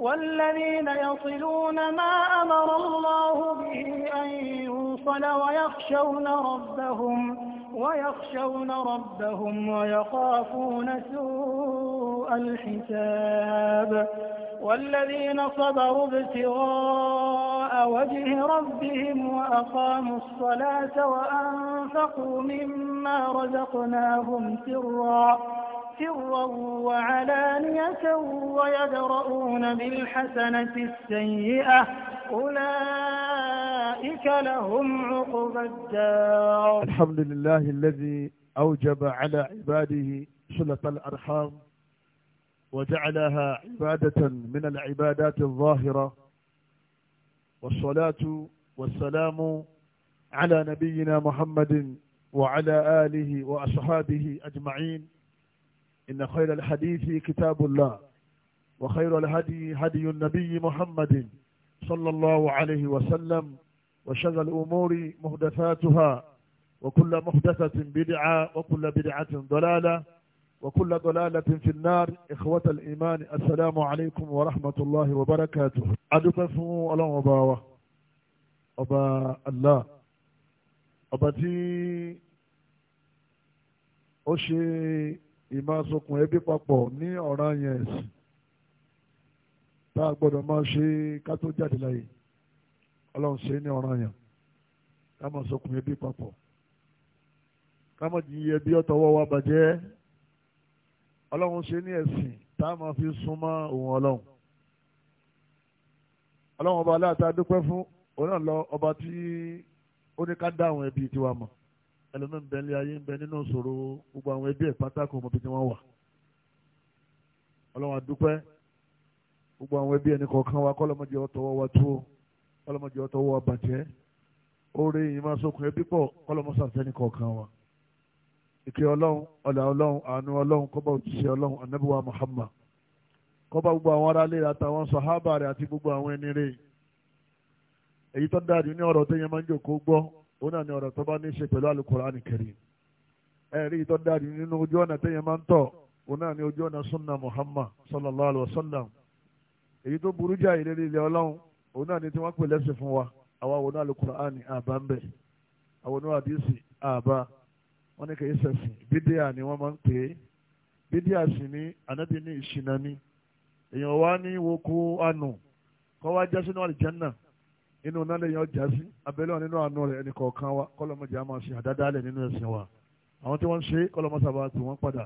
والذين يصلون ما أمر الله به أن يوصل ويخشون ربهم ويخشون ربهم ويخافون سوء الحساب والذين صبروا ابتغاء وجه ربهم وأقاموا الصلاة وأنفقوا مما رزقناهم سرًّا سرا وعلانية ويدرؤون بالحسنة السيئة أولئك لهم عقبى الدار الحمد لله الذي أوجب على عباده صلة الأرحام وجعلها عبادة من العبادات الظاهرة والصلاة والسلام على نبينا محمد وعلى آله وأصحابه أجمعين إن خير الحديث كتاب الله وخير الهدي هدي النبي محمد صلى الله عليه وسلم وشغل الأمور محدثاتها وكل محدثة بدعة وكل بدعة ضلالة وكل ضلالة في النار إخوة الإيمان السلام عليكم ورحمة الله وبركاته أدففوا الله وباوة أبا الله أبتي أشي ìmọ̀ sokùn ẹbí papọ̀ ní ọ̀ràn yẹn ẹ̀sìn tá a gbọ́dọ̀ máa ṣe ká tó jáde láyé ọlọ́run ṣe ní ọ̀ràn yẹn ká máa sokùn ẹbí papọ̀ ká máa jìyẹ ẹbí ọ̀tọ̀wọ́ wa bàjẹ́ ọlọ́run ṣe ní ẹ̀sìn tá a máa fi súnmọ́ òun ọlọ́run ọlọ́run ọba aláàtà dúpẹ́ fún òun náà lọ ọba tí ó ní ká dá ẹbí tiwa mọ̀ ẹlòmíín bẹ ní ayé ń bẹ nínú ìṣòro gbogbo àwọn ẹbí ẹ̀ pátákó ọmọbi tí wọ́n wà ọlọ́wọ́n àdúpẹ́ gbogbo àwọn ẹbí ẹni kọ̀ọ̀kan wa kọ́lọ́mọdé ọ̀tọ̀wọ́ wa tó kọ́lọ́mọdé ọ̀tọ̀wọ́ wa bàjẹ́ oore yìí máa sokùn ẹbí pọ̀ kọ́lọ́mọsàfẹ́ni kọ̀ọ̀kan wa ìkẹ́ ọlọ́run ọ̀là ọlọ́run àánú ọlọ́run kọ́bà òjíṣẹ́ ọlọ́run anábíwá Muhammad kọ́bà gbogbo àwọn aráalé àtàwọn sàhábà rẹ̀ àti gbogbo àwọn ẹni rẹ̀ èyí tó dáadé ní ọ̀rọ̀ tó yẹ máa ń jòkó gbọ́ ó náà ní ọ̀rọ̀ tó bá ní ṣe pẹ̀lú alukur'ani karim ẹ̀rí tó dáàdi nínú ojú ọ̀nà tẹ́yẹ máa ń tọ̀ ó náà ní ojú ọ̀nà sunna muhammad sallallahu alayhi wa sallam èyí tó burú jáì lérí ilẹ̀ ọlọ́run ó náà ní tí wọ́n pè lẹ́sìn fún wa àwa wọnú alukur'ani àbá ń bẹ̀ àwọn oníwà àdìsí àbá wọn ní kì í ṣẹ̀sìn bídíà ni wọ́n máa ń pè é bídíà sì ní ànábì ní èèyàn wá ní woko anù kọ́ wá jẹ́ àlìjánná inú nálẹ̀ yẹn ọjà sí abẹ́lẹ́ wọn nínú àánú rẹ̀ ẹnì kọ̀ọ̀kan wa kọ́lọ́mọjà máa ṣe àdádálẹ̀ nínú ẹ̀sìn wa àwọn tí wọ́n ń ṣe kọ́lọ́mọsàbà tí wọ́n padà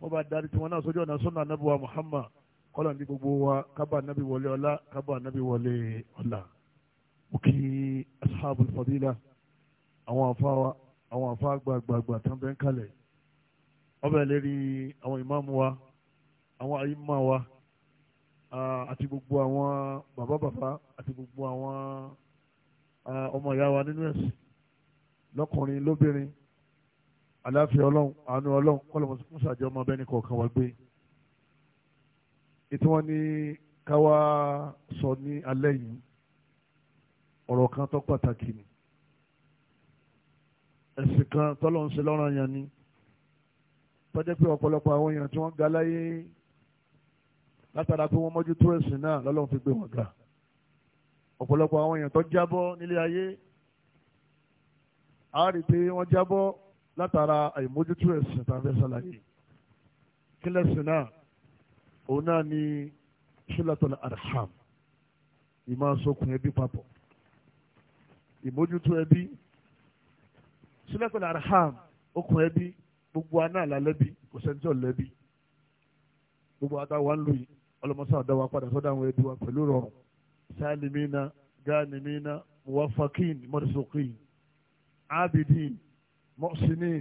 wọ́n bá darí tí wọ́n náà sójú ọ̀nà sọ́nà anábìwá Muhammad kọ́lọ̀ ní gbogbo wa kábà nábì wọlé ọlá kábà nábì wọlé ọlá òkè asáàbù fadila àwọn àfa wa àwọn àfa gbàgbàgbà tán bẹ́ẹ̀ kalẹ̀ ọbẹ̀ lérí àwọn ìmáàmù wa àwọn àyímà wa Ah, àti gbogbo àwọn bàbá bàbá àti gbogbo àwọn ah, ọmọ ìyá wa nínú ẹ̀sìn lọ́kùnrin lóbìnrin àláfíà ọlọ́run àánú ọlọ́run kọ́lọ́mọ tó kún sàjọ ọmọ abẹ́ni kọ̀ọ̀kan wá gbé ètò wọn ni káwa sọ ní alẹ́ yìí ọ̀rọ̀ kan tó pàtàkì ni ẹ̀sìn kan tọ́lọ́ ń ṣe lọ́rọ̀ yẹn ni tọ́jẹ́ ọ̀pọ̀lọpọ̀ àwọn èèyàn tí wọ́n ga láyé látara pé wọ́n mójú tó ẹ̀sìn náà lọ́lọ́run fi gbé wọn ga ọ̀pọ̀lọpọ̀ àwọn èèyàn tó jábọ́ nílé ayé a rí i pé wọ́n jábọ́ látara àìmójútó ẹ̀sìn tá a fẹ́ ṣàlàyé kí lẹ́sìn náà òun náà ni ṣílátọ̀lá arham ìmáa sokùn ẹbí papọ̀ ìmójútó ẹbí ṣílátọ̀lá arham okùn ẹbí gbogbo aná àlálẹ́bí kò sẹ́ńtì ọ̀lẹ́bí gbogbo àtàwọn ń lò yìí ọlọmọsá àdáwà padà sọ́dọ̀ àwọn ẹbí wa pẹ̀lú rọrùn sáàlìmínà gáànímínà muwafakin mọdẹsọkìn abidin mọsinin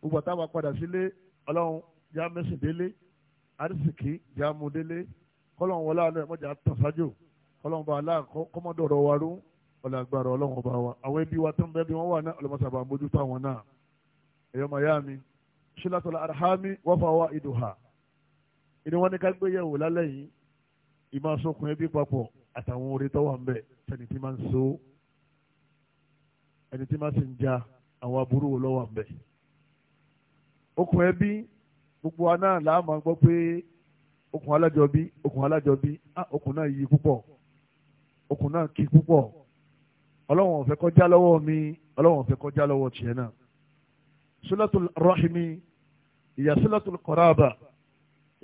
gbogbo àtàwà padà sílé Ọlọ́run já mẹsìn délé arísìkí já mú délé kọlọ́run wọlé àná ẹmọjà tàṣájò kọlọ́run bá aláà kọmọdọrọ wa rú ọlọgbàrọ Ọlọ́run ọba wa àwọn ẹbí wa tó ń bẹ bí wọn wà náà ọlọmọsá àbàmójútó àwọn náà ẹyọmọ yá mi arhami wọfà wa ìdùhà ìní wọn ní ká gbé yẹ̀wò lálẹ́ yìí ìmọ̀ sókun ẹbí papọ̀ àtàwọn orí tó wà ń bẹ ẹni tí máa ń so ẹni tí máa sì ń ja àwọn aburú wo ló wà ń bẹ. okùn ẹbí gbogbo wa náà làá máa gbọ́ pé okùn alájọbí okùn alájọbí á okùn náà yí púpọ̀ okùn náà kí púpọ̀ ọlọ́wọ̀n ò kọjá lọ́wọ́ mi ọlọ́wọ̀n ò kọjá lọ́wọ́ tiẹ̀ náà. sulatul rahimi ìyá sulatul qaraba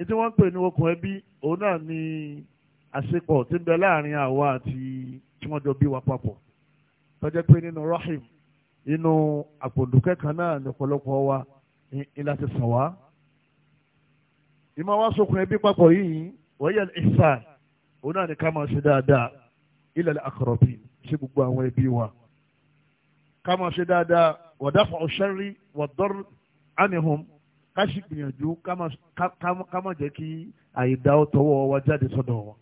ètí wọ́n ń pè ní okùn ẹbí òun náà ni àṣepọ̀ tí ń bẹ láàrin àwa àti tí wọ́n jọ bí wa papọ̀ tó jẹ́ pé nínú rahim inú àpòdùkẹ́ kan náà ní ọ̀pọ̀lọpọ̀ wa ìlà ti sàn wá. ìmọ̀ wá sókun ẹbí papọ̀ yìí wọ́n yẹ òun náà ni ká máa ṣe dáadáa ilal aqrabin sí gbogbo àwọn ẹbí wa ká máa ṣe dáadáa wa daf'u sharri ká sì gbìyànjú ká má jẹ́ kí àìdá tọwọ́ wa jáde sọ́dọ̀ wọn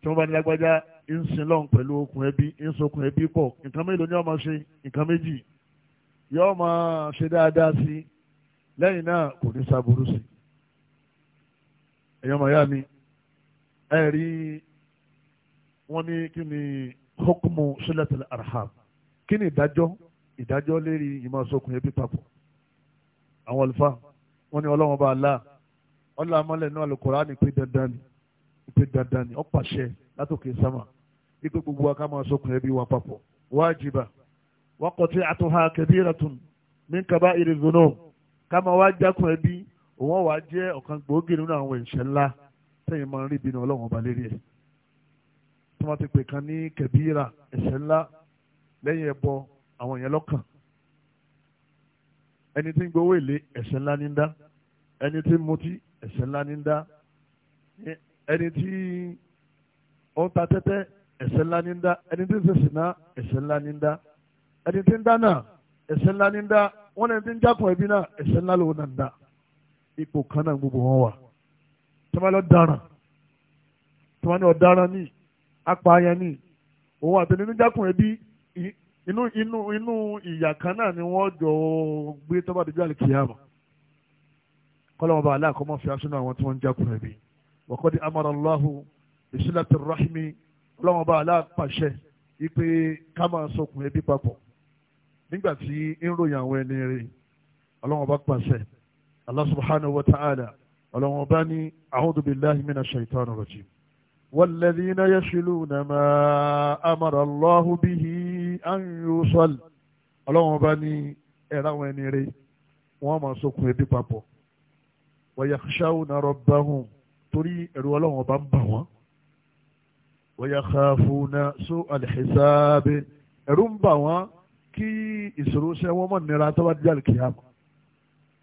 tí wọ́n bá ní lágbájá ń sin lọ́hùn pẹ̀lú okùn ẹbí ń sokùn ẹbí pọ̀ nǹkan mélòó ni wọ́n máa ṣe nǹkan méjì yóò máa ṣe dáadáa sí lẹ́yìn náà kò ní sábúrú sí ẹ̀yọ́ màyá mi ẹ rí wọ́n ní kí ni hukumu silatul arham kí ni ìdájọ́ ìdájọ́ lérí ìmọ̀ sokùn ẹbí papọ̀ àwọn olùfà wọn ni ọlọ́wọ́n bá la ọlọ́ amọ́lẹ̀ náà lè kọ́ra ní pé dandan ni ìpè dandan ni ó pàṣẹ látòkè sámà ikú gbogbo wa ká máa sọkùn ẹbí wa papọ̀ wájibà wákọ̀tí àtúnhà kẹbíratun ní kaba ìrìnnà ká máa wá jákùn ẹbí òun wàá jẹ́ ọ̀kan gbòógì nínú àwọn ìṣẹ̀ ńlá tẹ̀yìn máa ń rí ìbínú ọlọ́wọ́n bá lérí ẹ̀ tí wọ́n ti pè kan ní kẹbíra ẹ̀ṣẹ̀ ńlá lẹ́yìn ẹ̀bọ àwọn èèyàn lọ́kàn ẹni tí ń gbowó èlé ẹ̀ṣẹ̀ ńlá ní ń dá ẹni tí ń mutí ẹ̀ṣẹ̀ ńlá ní ń dá ẹni tí ó ń ta tẹ́tẹ́ ẹ̀ṣẹ̀ ńlá ní ń dá ẹni tí ń ṣe sìná ẹ̀ṣẹ̀ ńlá ní dá ẹni tí ń dáná ẹ̀ṣẹ̀ ńlá ní dá wọn ẹni tí ń jákun ẹbí náà ẹ̀ṣẹ̀ ńlá lòun náà ń dá ipò kan náà gbogbo wọn wà tí lọ dáràn tí wọn ọ̀daràn ní apààyàn ní òun àtẹnudíjákun ẹbí inú inú inú ìyà kan náà ni wọ́n jọ gbé tó bá dojú àlìkìyàmọ̀ kọ́lọ́mọba aláàkọ́mọ́ fi aṣọ àwọn tí wọ́n ń jákun ẹ̀bí wọ́kọ́ di amara Allahu ìṣílẹ̀tì rahimi kọ́lọ́mọba aláàpàṣẹ ipe ká máa sọkùn ẹbí papọ̀ nígbà tí ń ròyìn àwọn ẹni rẹ̀ ọlọ́mọba pàṣẹ Allah subhanahu wa ta'ala ọlọ́mọba ní a'udhu billahi minash shaitanir rajim wal ladhina yashiluna amara Allahu bihi an yusal ọlọ́wọ́n bá ní ẹ̀rọ àwọn ẹni rẹ̀ wọ́n máa sokùn ẹbí papọ̀ wa yakhshawna rabbahum torí ẹ̀rù ọlọ́wọ́n bá ń bà wọ́n wa yakhafuna su'al hisab ẹ̀rù ń bà wọ́n kí ìṣòro iṣẹ́ wọn mọ̀ nira tó bá dé àlùkìyàmù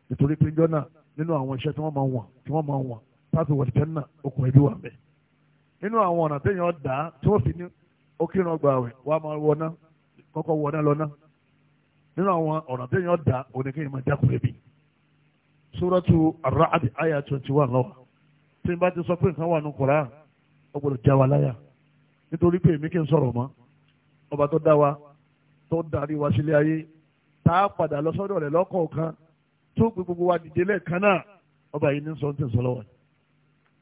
nítorí pé jọ́nà nínú àwọn iṣẹ́ tí wọ́n máa wọ̀n tí wọ́n máa wọ̀n táàtì wọ̀ náà okùn ẹbí wà bẹ́ẹ̀ nínú àwọn ọ̀nà téèyàn dá tí fi ní ó kírun ọgbà rẹ̀ wọ́n á máa wọ náà kọ́kọ́ wọ náà lọ́nà nínú àwọn ọ̀nà tí èèyàn dà oníkéyìn máa jákùn ebi súrọ́tù ar-Ra'd twenty one lọ́wọ́ tí n bá ti sọ pé nǹkan wà nù kọ̀ọ̀rá ó gbọ́dọ̀ já wa láyà nítorí pé èmi kì í sọ̀rọ̀ mọ́ ọba tó dá wa tó darí wa sílé ayé tá a padà lọ sọ́dọ̀ rẹ̀ lọ́kọ̀ọ̀kan tó gbé gbogbo wa dìde lẹ́ẹ̀kan náà ọba yìí ní sọ ń tẹ̀sán lọ́wọ́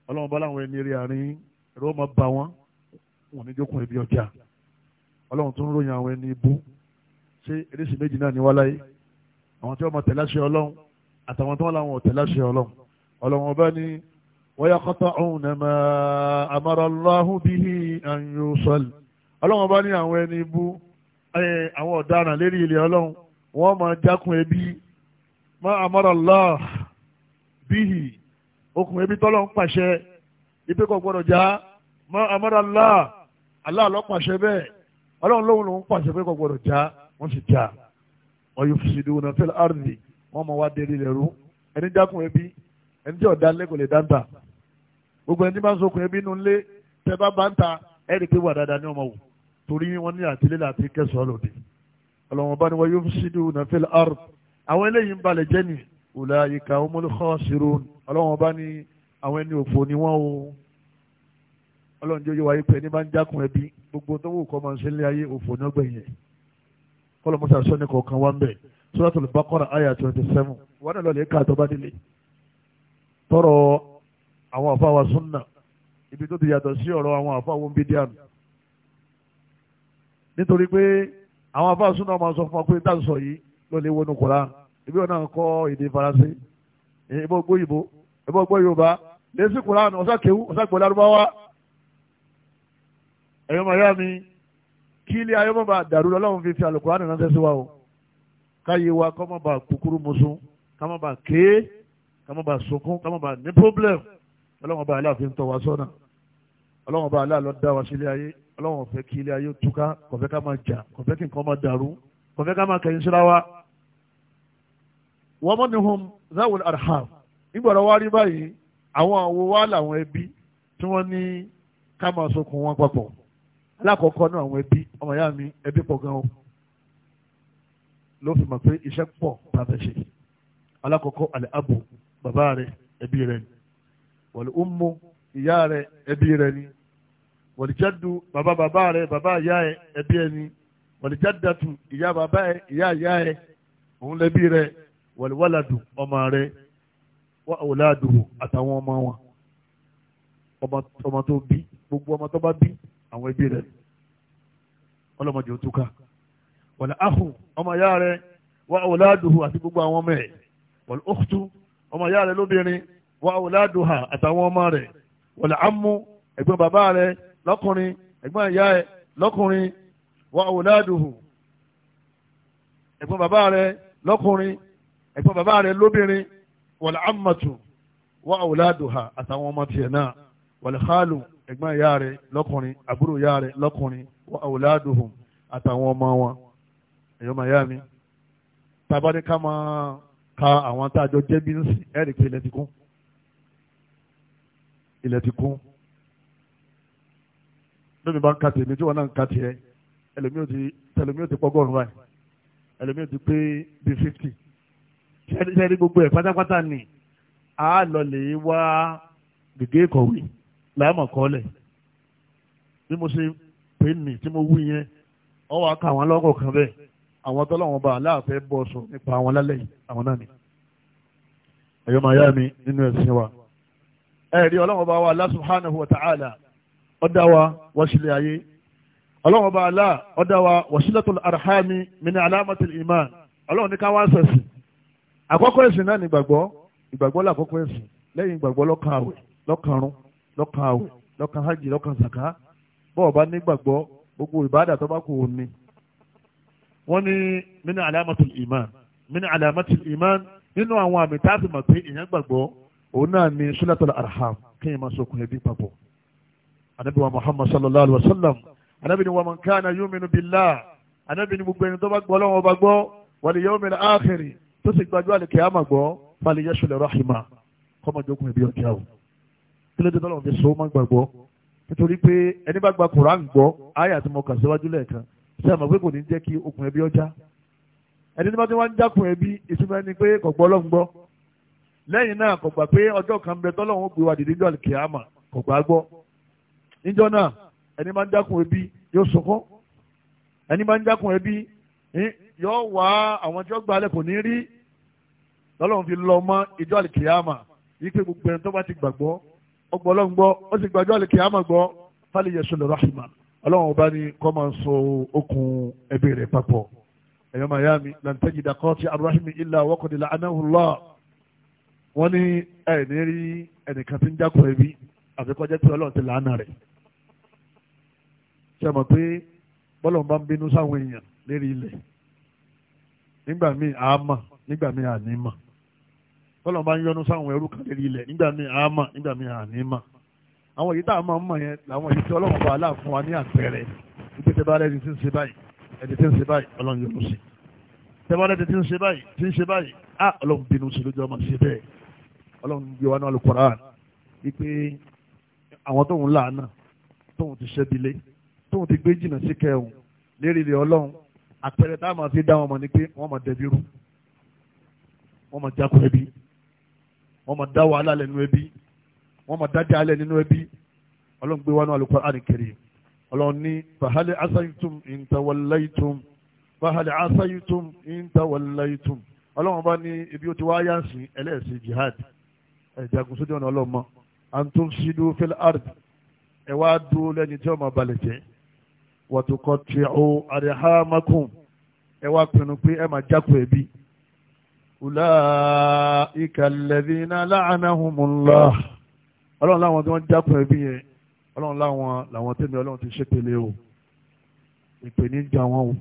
ọlọ́run bá láwọn ẹni rí àárín ẹ̀rọ máa bá wọn wọn ní jókòó ibi ọjà ọlọ́run tó ń ròyìn àwọn ẹni ibú ṣé eréṣì méjì náà ní wáláyé àwọn tí wọ́n máa tẹ̀lé àṣẹ ọlọ́run àtàwọn tí wọ́n láwọn ò tẹ̀lé àṣẹ ọlọ́run ọlọ́run ọba ní ويقطعون ما أمر الله به أن يوصل ọlọ́run ọba ní àwọn ẹni ibú àwọn ọ̀daràn lérí ilẹ̀ ọlọ́run wọ́n máa jákun ẹbí ma amara Allah bihi okùn ẹbí tọ́lọ́ ń pàṣẹ ibi kò gbọ́dọ̀ já ma ọlọ́run lóhun ló ń pàṣẹ pé kò gbọdọ̀ já wọ́n sì já ọ̀yọ̀ fìṣìdì wọn fẹ́lẹ̀ àrùnì wọ́n mọ̀ wá délé lẹ́rú ẹni dákun ẹbí ẹni tí ọ̀dá lé kò lè dáńtà gbogbo ẹni tí bá ń sokùn ẹbí nu lé tẹ bá bá ń ta ẹ rí i pé wà dáadáa ní ọmọ wò torí wọn ní àtìlẹ́ láti kẹsàn-án lòdì ọlọ́run bá ní wọ́n yóò fìṣìdì wọn fẹ́lẹ̀ àrùn àwọn eléyìí ń balẹ̀ jẹ́ ni ulaika humul khasirun ọlọ́run ọlọ́run jẹ́ yíwáyé pé ní bá ń jákun ẹbí gbogbo tó wù kọ́ máa ń ṣe lé ayé òfò ní ọgbẹ̀ yẹn kọ́lọ̀ mọ́sá sọ́ni kọ̀ọ̀kan wá ń bẹ̀ Suratul Baqara àyà twenty seven wọn náà lọ́ọ̀lẹ́ káàtó bá délé tọrọ àwọn àfa wa súnà ibi tó ti yàtọ̀ sí ọ̀rọ̀ àwọn àfa wo ń bí díàmù nítorí pé àwọn àfa súnà máa sọ fún wa pé táà sọ yìí lọ́ọ̀lẹ́ ibi wọn náà kọ́ èdè Faransé ìbọn gbóyìnbó ìbọn gbóyìnbó lẹ́sìn Kùránì ọ̀sà kéwú ọ̀sà ẹ̀yọ́ màá yá mi kí ilé ayé mọ̀ bá dàrú lọ́wọ́ fi fi àlùkùránì ránṣẹ́ sí wa o káyé wa kọ́ mọ̀ bá kúkúrú musun ká mọ̀ bá ké ká mọ̀ bá sunkún ká mọ̀ bá ní pọ́blẹ̀m ọlọ́wọ́n bá aláàfin tọ́ wa sọ́nà ọlọ́wọ́n bá aláàlọ́ dá wa sílé ayé ọlọ́wọ́n fẹ́ kí ilé ayé túká kọ̀fẹ́ ká máa jà kọ̀fẹ́ kí nǹkan máa dàrú kọ̀fẹ́ ká máa kẹ̀yìn síra wa. wọ́n mọ́ ni hum zawul arham nígbàdàn wá alákọ̀ọ́kọ́ náà àwọn ẹbí ọmọ ìyá mi ẹbí pọ̀ gan o ló fi mọ̀ pé iṣẹ́ pọ̀ tàbí ṣe alákọ̀ọ́kọ́ àlẹ́ àbò bàbá rẹ̀ ẹbí rẹ̀ ni wọ̀lẹ̀ ọmọ ìyá rẹ̀ ẹbí rẹ̀ ni wọ̀lẹ̀ jádù bàbá bàbá rẹ̀ bàbá ìyá ẹ̀ ẹbí ẹ̀ ni wọ̀lẹ̀ jádàtù ìyá bàbá ẹ̀ ìyá ìyá ẹ̀ òun lẹ́bí rẹ̀ wọ̀lẹ̀ wàlàdù ọmọ rẹ̀ wà òlàdù àtàwọn ọmọ wọn ọmọ tó bí gbogbo ọmọ tó bá bí àwọn ẹbí rẹ̀ ọlọ́mọdé òtúkà wọ̀lá áhù ọmọ ìyá rẹ̀ wà ọ̀làdùhù àti gbogbo àwọn ọmọ ẹ̀ wọ̀lá òkùtù ọmọ ìyá rẹ̀ lóbìnrin wà ọ̀làdùhà àtàwọn ọmọ rẹ̀ wọ̀lá ámú ẹ̀gbọ́n bàbá rẹ̀ lọ́kùnrin ẹ̀gbọ́n ìyá ẹ̀ lọ́kùnrin wà ọ̀làdùhù ẹ̀gbọ́n bàbá rẹ̀ lọ́kùnrin ẹ̀gbọ́n bàbá rẹ̀ lóbìnrin wọ̀lá ámàtù wà ọ̀làdùhà àtàwọn ọmọ tiẹ̀ náà wọ̀lá ẹ̀gbọ́n ìyá rẹ̀ lọ́kùnrin àbúrò ìyá rẹ̀ lọ́kùnrin wa auladuhum àtàwọn ọmọ wọn ẹ̀yọ́ màá yá mi tàbá ká máa ka àwọn tá a jọ jẹ́ bí ń sìn ẹ̀rì pé ilẹ̀ ti kún ilẹ̀ ti kún lómi bá ń ka tèmi tí wọn náà ń ka tiẹ̀ ẹlòmíì ti ẹlòmíì ti pọ́gọ́rùn báyìí ẹlòmíì ti pé bíi fifty ṣẹ́ẹ́rì gbogbo ẹ̀ pátápátá ni a lọ lè wá gègé kọ̀wé làámọ̀ kọ́lẹ̀ bí mo ṣe pè ní tí mo wú yẹn ọ wá ká àwọn lọ́kọ̀ kan bẹ́ẹ̀ àwọn tọ́lọ́wọ́n bá aláàfẹ́ bọ́ sọ nípa àwọn lálẹ́ yìí àwọn náà ni ẹ̀yọ́ máa yá mi nínú ẹ̀sìn wa ẹ̀rí ọlọ́wọ́n bá wa Allah subhanahu wa ta'ala ọ̀dá wa wọ́sílẹ̀ ayé ọlọ́wọ́n bá aláà ọ̀dá wa wasilatul arhami min alamatil iman ọlọ́wọ́n ní ká wá sẹ̀sìn àkọ́kọ́ ẹ̀sìn náà ní ìgbàgbọ́ ìgbàgbọ́ làkọ́kọ́ lọ́kàn àwẹ̀ lọ́kàn hajj lọ́kàn sàká bọ́ọ̀ bá nígbàgbọ́ gbogbo ìbáàdà tó bá kù ò ní. wọ́n ní mínú alamatul iman mínú alamatul iman nínú àwọn àmì tá a fi mọ̀ pé èèyàn gbàgbọ́ òun náà ni sulatul arham kéèyàn máa sokùn ẹbí papọ̀. anabi wa muhammad sallallahu alayhi wa sallam anabi ni wa man kana yuminu billah anabi ni gbogbo ẹni tó bá gbọ́ lọ́wọ́ bá gbọ́ wal yawmil akhir tó sì gbàgbọ́ àlè kìámà gbọ́ fal yashul rahima kọ́mọ̀jọ́kùn ẹbí ọjà kí ló dé tọ́lọ́run fi so mọ́ gbàgbọ́ nítorí pé ẹni bá gba koran gbọ́ àyà tí mo kà síwájú lẹ́ẹ̀kan ṣé àmọ̀ pé kò ní jẹ́ kí okùn ẹbí ọjà ẹni tí wọ́n ti wá ń jákun ẹbí ìtumọ̀ ẹni pé kò gbọ́ lọ́n gbọ́ lẹ́yìn náà kò gbà pé ọjọ́ kan bẹ tọ́lọ́run ó gbé wa dìde jọ́ọ̀lì kìámà kò gbà gbọ́ níjọ́ náà ẹni máa ń jákun ẹbí yóò sunkún ẹni máa ń jákun ẹbí yóò ọgbọ́lọ́n gbọ́ ó sì gbàjọ́ àlè kìámà gbọ́ fálẹ̀ yẹ̀sùn lọ́rọ̀ àṣìmá ọlọ́run ọba ni kọ́ máa ń so okùn ẹbí rẹ̀ papọ̀ ẹ̀yọ́ mayami lantẹ́jì dakọ́ ti arahimi ilà wọ́kọ̀dé la anáhùlá wọ́n ní ẹ̀ẹ́dì rí ẹnìkan tí ń jákọ̀ ẹbí àfikọ́jẹ́ pé ọlọ́run ti làánà rẹ̀ ṣe mọ̀ pé bọ́lọ̀ bá ń bínú sáwọn èèyàn lérí ilẹ̀ nígbà míì àá nígbà míì àní tọ́lọ̀ bá ń yọnu sáwọn ẹrú kan lérí ilẹ̀ nígbà míì á mà nígbà míì à ní mà àwọn èyí tá a máa ń mọ̀ yẹn làwọn èyí tí ọlọ́run bá aláàfún wa ní àpẹẹrẹ wípé tẹ bá rẹ ẹni tí ń ṣe báyìí ẹni tí ń ṣe báyìí ọlọ́run yọnu sí tẹ bá rẹ ẹni tí ń ṣe báyìí tí ń ṣe báyìí á ọlọ́run bínú sí lójú ọmọ sí bẹ́ẹ̀ ọlọ́run gbé wa náà wípé àwọn tóun láàánà tóun ti ṣẹ́bilé tóun ti gbé jìnnà sí kẹrùn lérí ilẹ̀ ọlọ́run àpẹẹrẹ táwọn máa fi dá wọn mọ̀ ni pé wọ́n máa dẹbi rú wọ́n máa jákòó ẹbí wọ́n máa dá wàhálà lẹ́nu ẹbí wọ́n máa dá jáàlẹ̀ nínú ẹbí ọlọ́run gbé wánú Al-Qur'an Al-Karim ọlọ́run ní fahal asaytum in tawallaytum fahal asaytum in tawallaytum ọlọ́run bá ní ibi ó ti wá yánsìn ẹlẹ́ẹ̀sìn jihad ẹ̀jagun sójú ọ̀nà ọlọ́run mọ́ antum sidu fil ard ẹ wá dúró lẹ́ni tí ọmọ balẹ̀ jẹ́ wàtúkọ̀ tí ó ẹ wá pinnu pé ẹ máa jákò ẹbí أولئك الذين لعنهم الله ọlọ́run láwọn tí wọ́n jákun ẹbí yẹn ọlọ́run láwọn làwọn tẹ́mi ọlọ́run ti ṣépele o ìpè ní jà wọ́n o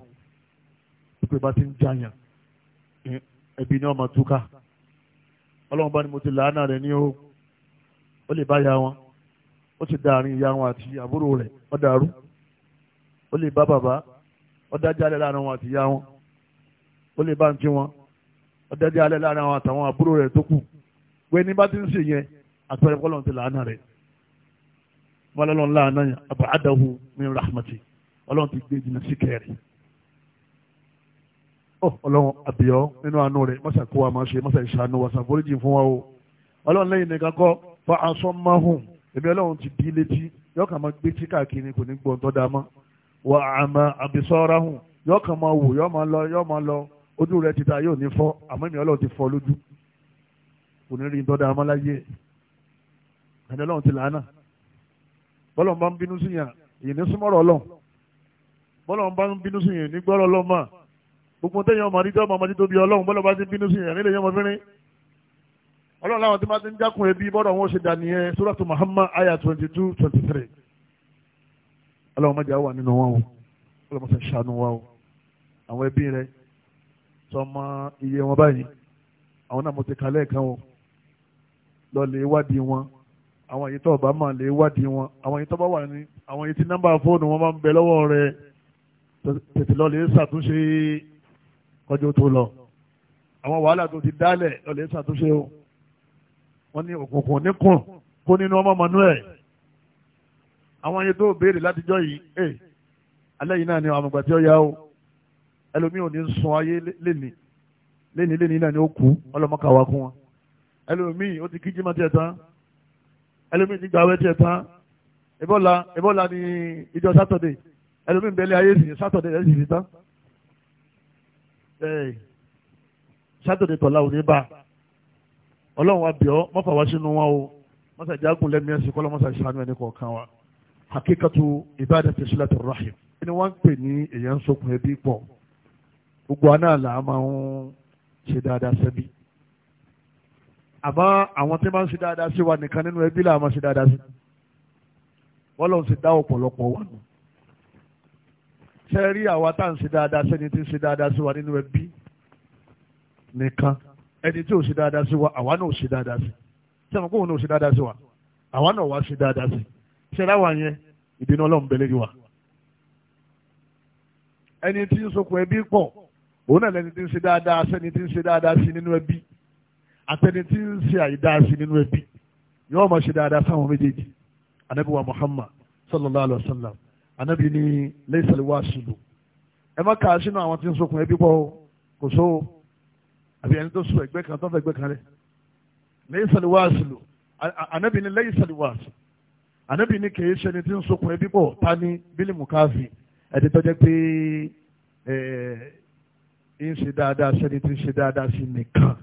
ìpè bá ti ń jàyàn ẹbí ni wọ́n máa túká ọlọ́run bá ní mo ti làánà rẹ̀ ní o ó lè bá ya wọn ó ti da àárín ìyá wọn àti àbúrò rẹ̀ ó dàrú ó lè bá bàbá ó dájálẹ̀ láàrin wọn àti ìyá wọn ó lè bá ń tí wọn ọ̀dẹ́dẹ́ alẹ́ láàrin àwọn àtàwọn àbúrò rẹ̀ tó kù pé ní bá ti ń ṣe yẹn àpẹẹrẹ kọ́lọ̀ ti làánà rẹ̀ wọ́lọ́lọ́n láàánà yẹn àbá àdáhù ní rahmati ọlọ́run ti gbé jìnnà sí kẹrì ọ ọlọ́run àbíọ́ nínú àánú rẹ̀ mọ́sà kó wa máa ṣe mọ́sà ìṣàánú wa ṣàforíjì fún wa o ọlọ́run lẹ́yìn nìkan kọ́ fa aṣọ mahun èmi ọlọ́run ti di létí yọkà máa gbé tí káàkiri kò ní gbọ́n tọ́ da mọ́ wà àmà àbísọ́ra hùn ojú rẹ ti ta yóò ní fọ́ àmọ́ èmi ọlọ́run ti fọ́ lójú kò ní rí tọ́da amáláyé ẹni ọlọ́run ti làánà bọ́lọ̀n bá ń bínú sí yàn èyí ní súnmọ́rọ̀ ọlọ́run bọ́lọ̀n bá ń bínú sí yàn ní gbọ́rọ̀ ọlọ́run mà gbogbo téèyàn ọmọ àdídọ́ ọmọ ọmọdé tóbi ọlọ́run bọ́lọ̀ bá ti bínú sí yàn nílé yọmọ fínrín ọlọ́run láwọn máa ti ń jákun ẹbí bọ́dọ̀ wọn ṣe dànìyẹn suratu Muhammad aya twenty two twenty three ọlọ́run mọ̀jà wà nínú wọn o ọlọ́run mọ̀ṣẹ̀ ṣàánú wa o àwọn ẹbí rẹ̀ sọmọ iye wọn báyìí àwọn náà mo ti kalẹ̀ kan o lọ lè wádìí wọn àwọn èyí tó bá máa lè wádìí wọn àwọn èyí tó bá wà ní àwọn èyí tí nọ́mbà fóònù wọn bá ń bẹ lọ́wọ́ rẹ tètè lọ lè ṣàtúnṣe kọjú tó lọ àwọn wàhálà tó ti dálẹ̀ lọ lè ṣàtúnṣe o wọ́n ní òkùnkùn níkùn kó nínú ọmọ manuel àwọn èyí tó béèrè látijọ́ yìí ẹ̀ eh, alẹ́ yìí náà ni àwọn àgbà tí ó yá o ẹlòmíì ò ní sun ayé lẹ́ni lẹ́ni lẹ́ni náà ni ó kú ọlọ́mọkàwá kún wọn ẹlòmíì ó ti kí jimá tiẹ̀ tán ẹlòmíì ti gbàwé tiẹ̀ tán ìbọ̀là ìbọ̀là ni ìjọ sátọ̀dẹ̀ ẹlòmíì bẹ́lẹ̀ ayé sì sátọ̀dẹ̀ ẹ̀ sì fi tán sátọ̀dẹ̀ tọ̀la ò ní bá ọlọ́run wa bìọ́ mọ́fà wá sínú wọn o mọ́sà jágùn lẹ́mí ẹ̀sìn kọ́lọ́ mọ́sà ṣàánú ẹni kọ̀ọ̀kan wa hakikatu ibadatu silatu rahim ẹni wọ́n ń pè ní èèyàn sókun ẹbí pọ̀ gbogbo àná là á máa ń ṣe dáadáa sẹ́bí àmọ́ àwọn tí máa ń ṣe dáadáa sí wa nìkan nínú ẹbí là á máa ṣe dáadáa sí wọ́n lọ́n ti dá ọ̀pọ̀lọpọ̀ wà nù ṣe rí àwa tá à ń ṣe dáadáa sẹ́ni tí ń ṣe dáadáa sí wa nínú ẹbí nìkan ẹni tí ò ṣe dáadáa sí wa àwa náà ò ṣe dáadáa sí sẹ́wọ̀n kóhùn náà ò ṣe dáadáa sí wa àwa náà wá ṣe dáadáa sí ṣe láwa yẹn ìbínú ọlọ́run bẹ̀lẹ́ ẹni tí ń sokùn ẹbí pọ̀ òun náà lẹni tí ń ṣe dáadáa sẹ́ni tí ń ṣe dáadáa sí nínú ẹbí àtẹni tí ń ṣe àìdáa sí nínú ẹbí yóò máa ṣe dáadáa sáwọn méjèèjì anabi wa muhammad sallallahu alayhi wa sallam anabi ni laysal wasilu ẹ má kà á sínú àwọn tí ń sokùn ẹbí pọ̀ kò sówó àbí ẹni tó so ẹgbẹ́ kan tó fẹ́ ẹgbẹ́ kan rẹ̀ laysal wasilu anabi ni laysal wasilu anabi ni kìí ṣẹni tí ń sokùn ẹbí pọ̀ ta ni bílímù káfí ẹ̀dẹ́tọ́jẹ́ pé eh, ń ṣe dáadáa sẹ́ni tí ń ṣe dáadáa sí nìkan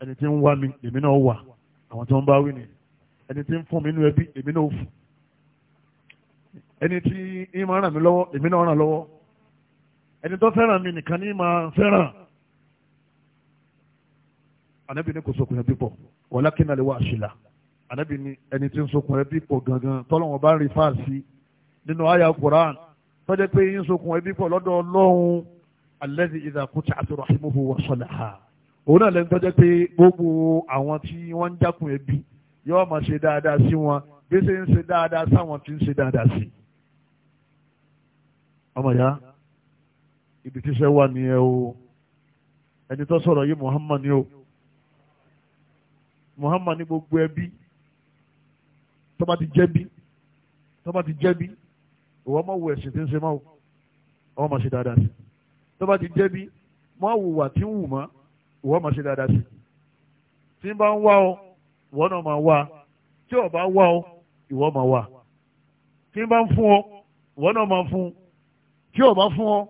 ẹni tí ń wá mi èmi náà wà àwọn tó ń bá wí ni ẹni tí ń fún mi nínú ẹbí èmi náà fún ẹni tí ń máa ràn mí lọ́wọ́ èmi náà ràn lọ́wọ́ ẹni tó fẹ́ràn mi nìkan ní máa fẹ́ràn anabi ni kò sokun ẹbí pọ̀ wàlákì náà lè wá àṣìlá anabi ni ẹni tí ń sokun ẹbí pọ̀ gangan tọ́lọ́wọ́n bá ń rí fáàsì nínú àyà Quran tọ́jẹ́ pé yín sokun ẹbí pọ̀ lọ́dọ̀ Ọlọ́run alẹ́dì ìdàkútà àti rahimuhu wa salaha òun náà lẹ́nu tọ́jọ́ pé gbogbo àwọn tí wọ́n ń jákun ẹbí yóò máa ṣe dáadáa sí wọn bí ṣe ń ṣe dáadáa sáwọn tí ń ṣe dáadáa sí. ọmọ ya ibi tíṣẹ́ wà ní ẹ o ẹni tó sọ̀rọ̀ yìí Muhammad o Muhammad ni gbogbo ẹbí tó ti jẹ́bi tó ti jẹ́bi ìwọ́n máa wo ẹ̀sìn tí ń ṣe máa wọ́n máa ṣe dáadáa sí i tó bá ti jẹ́ bí mọ́ wùwà tí ń wù mọ́ ìwọ́ máa ṣe dáadáa sí tí ń bá ń wá ọ ìwọ́ náà máa wá tí ò bá wá ọ ìwọ́ máa wá tí ń bá ń fún ọ ìwọ́ náà máa fún tí ò bá fún ọ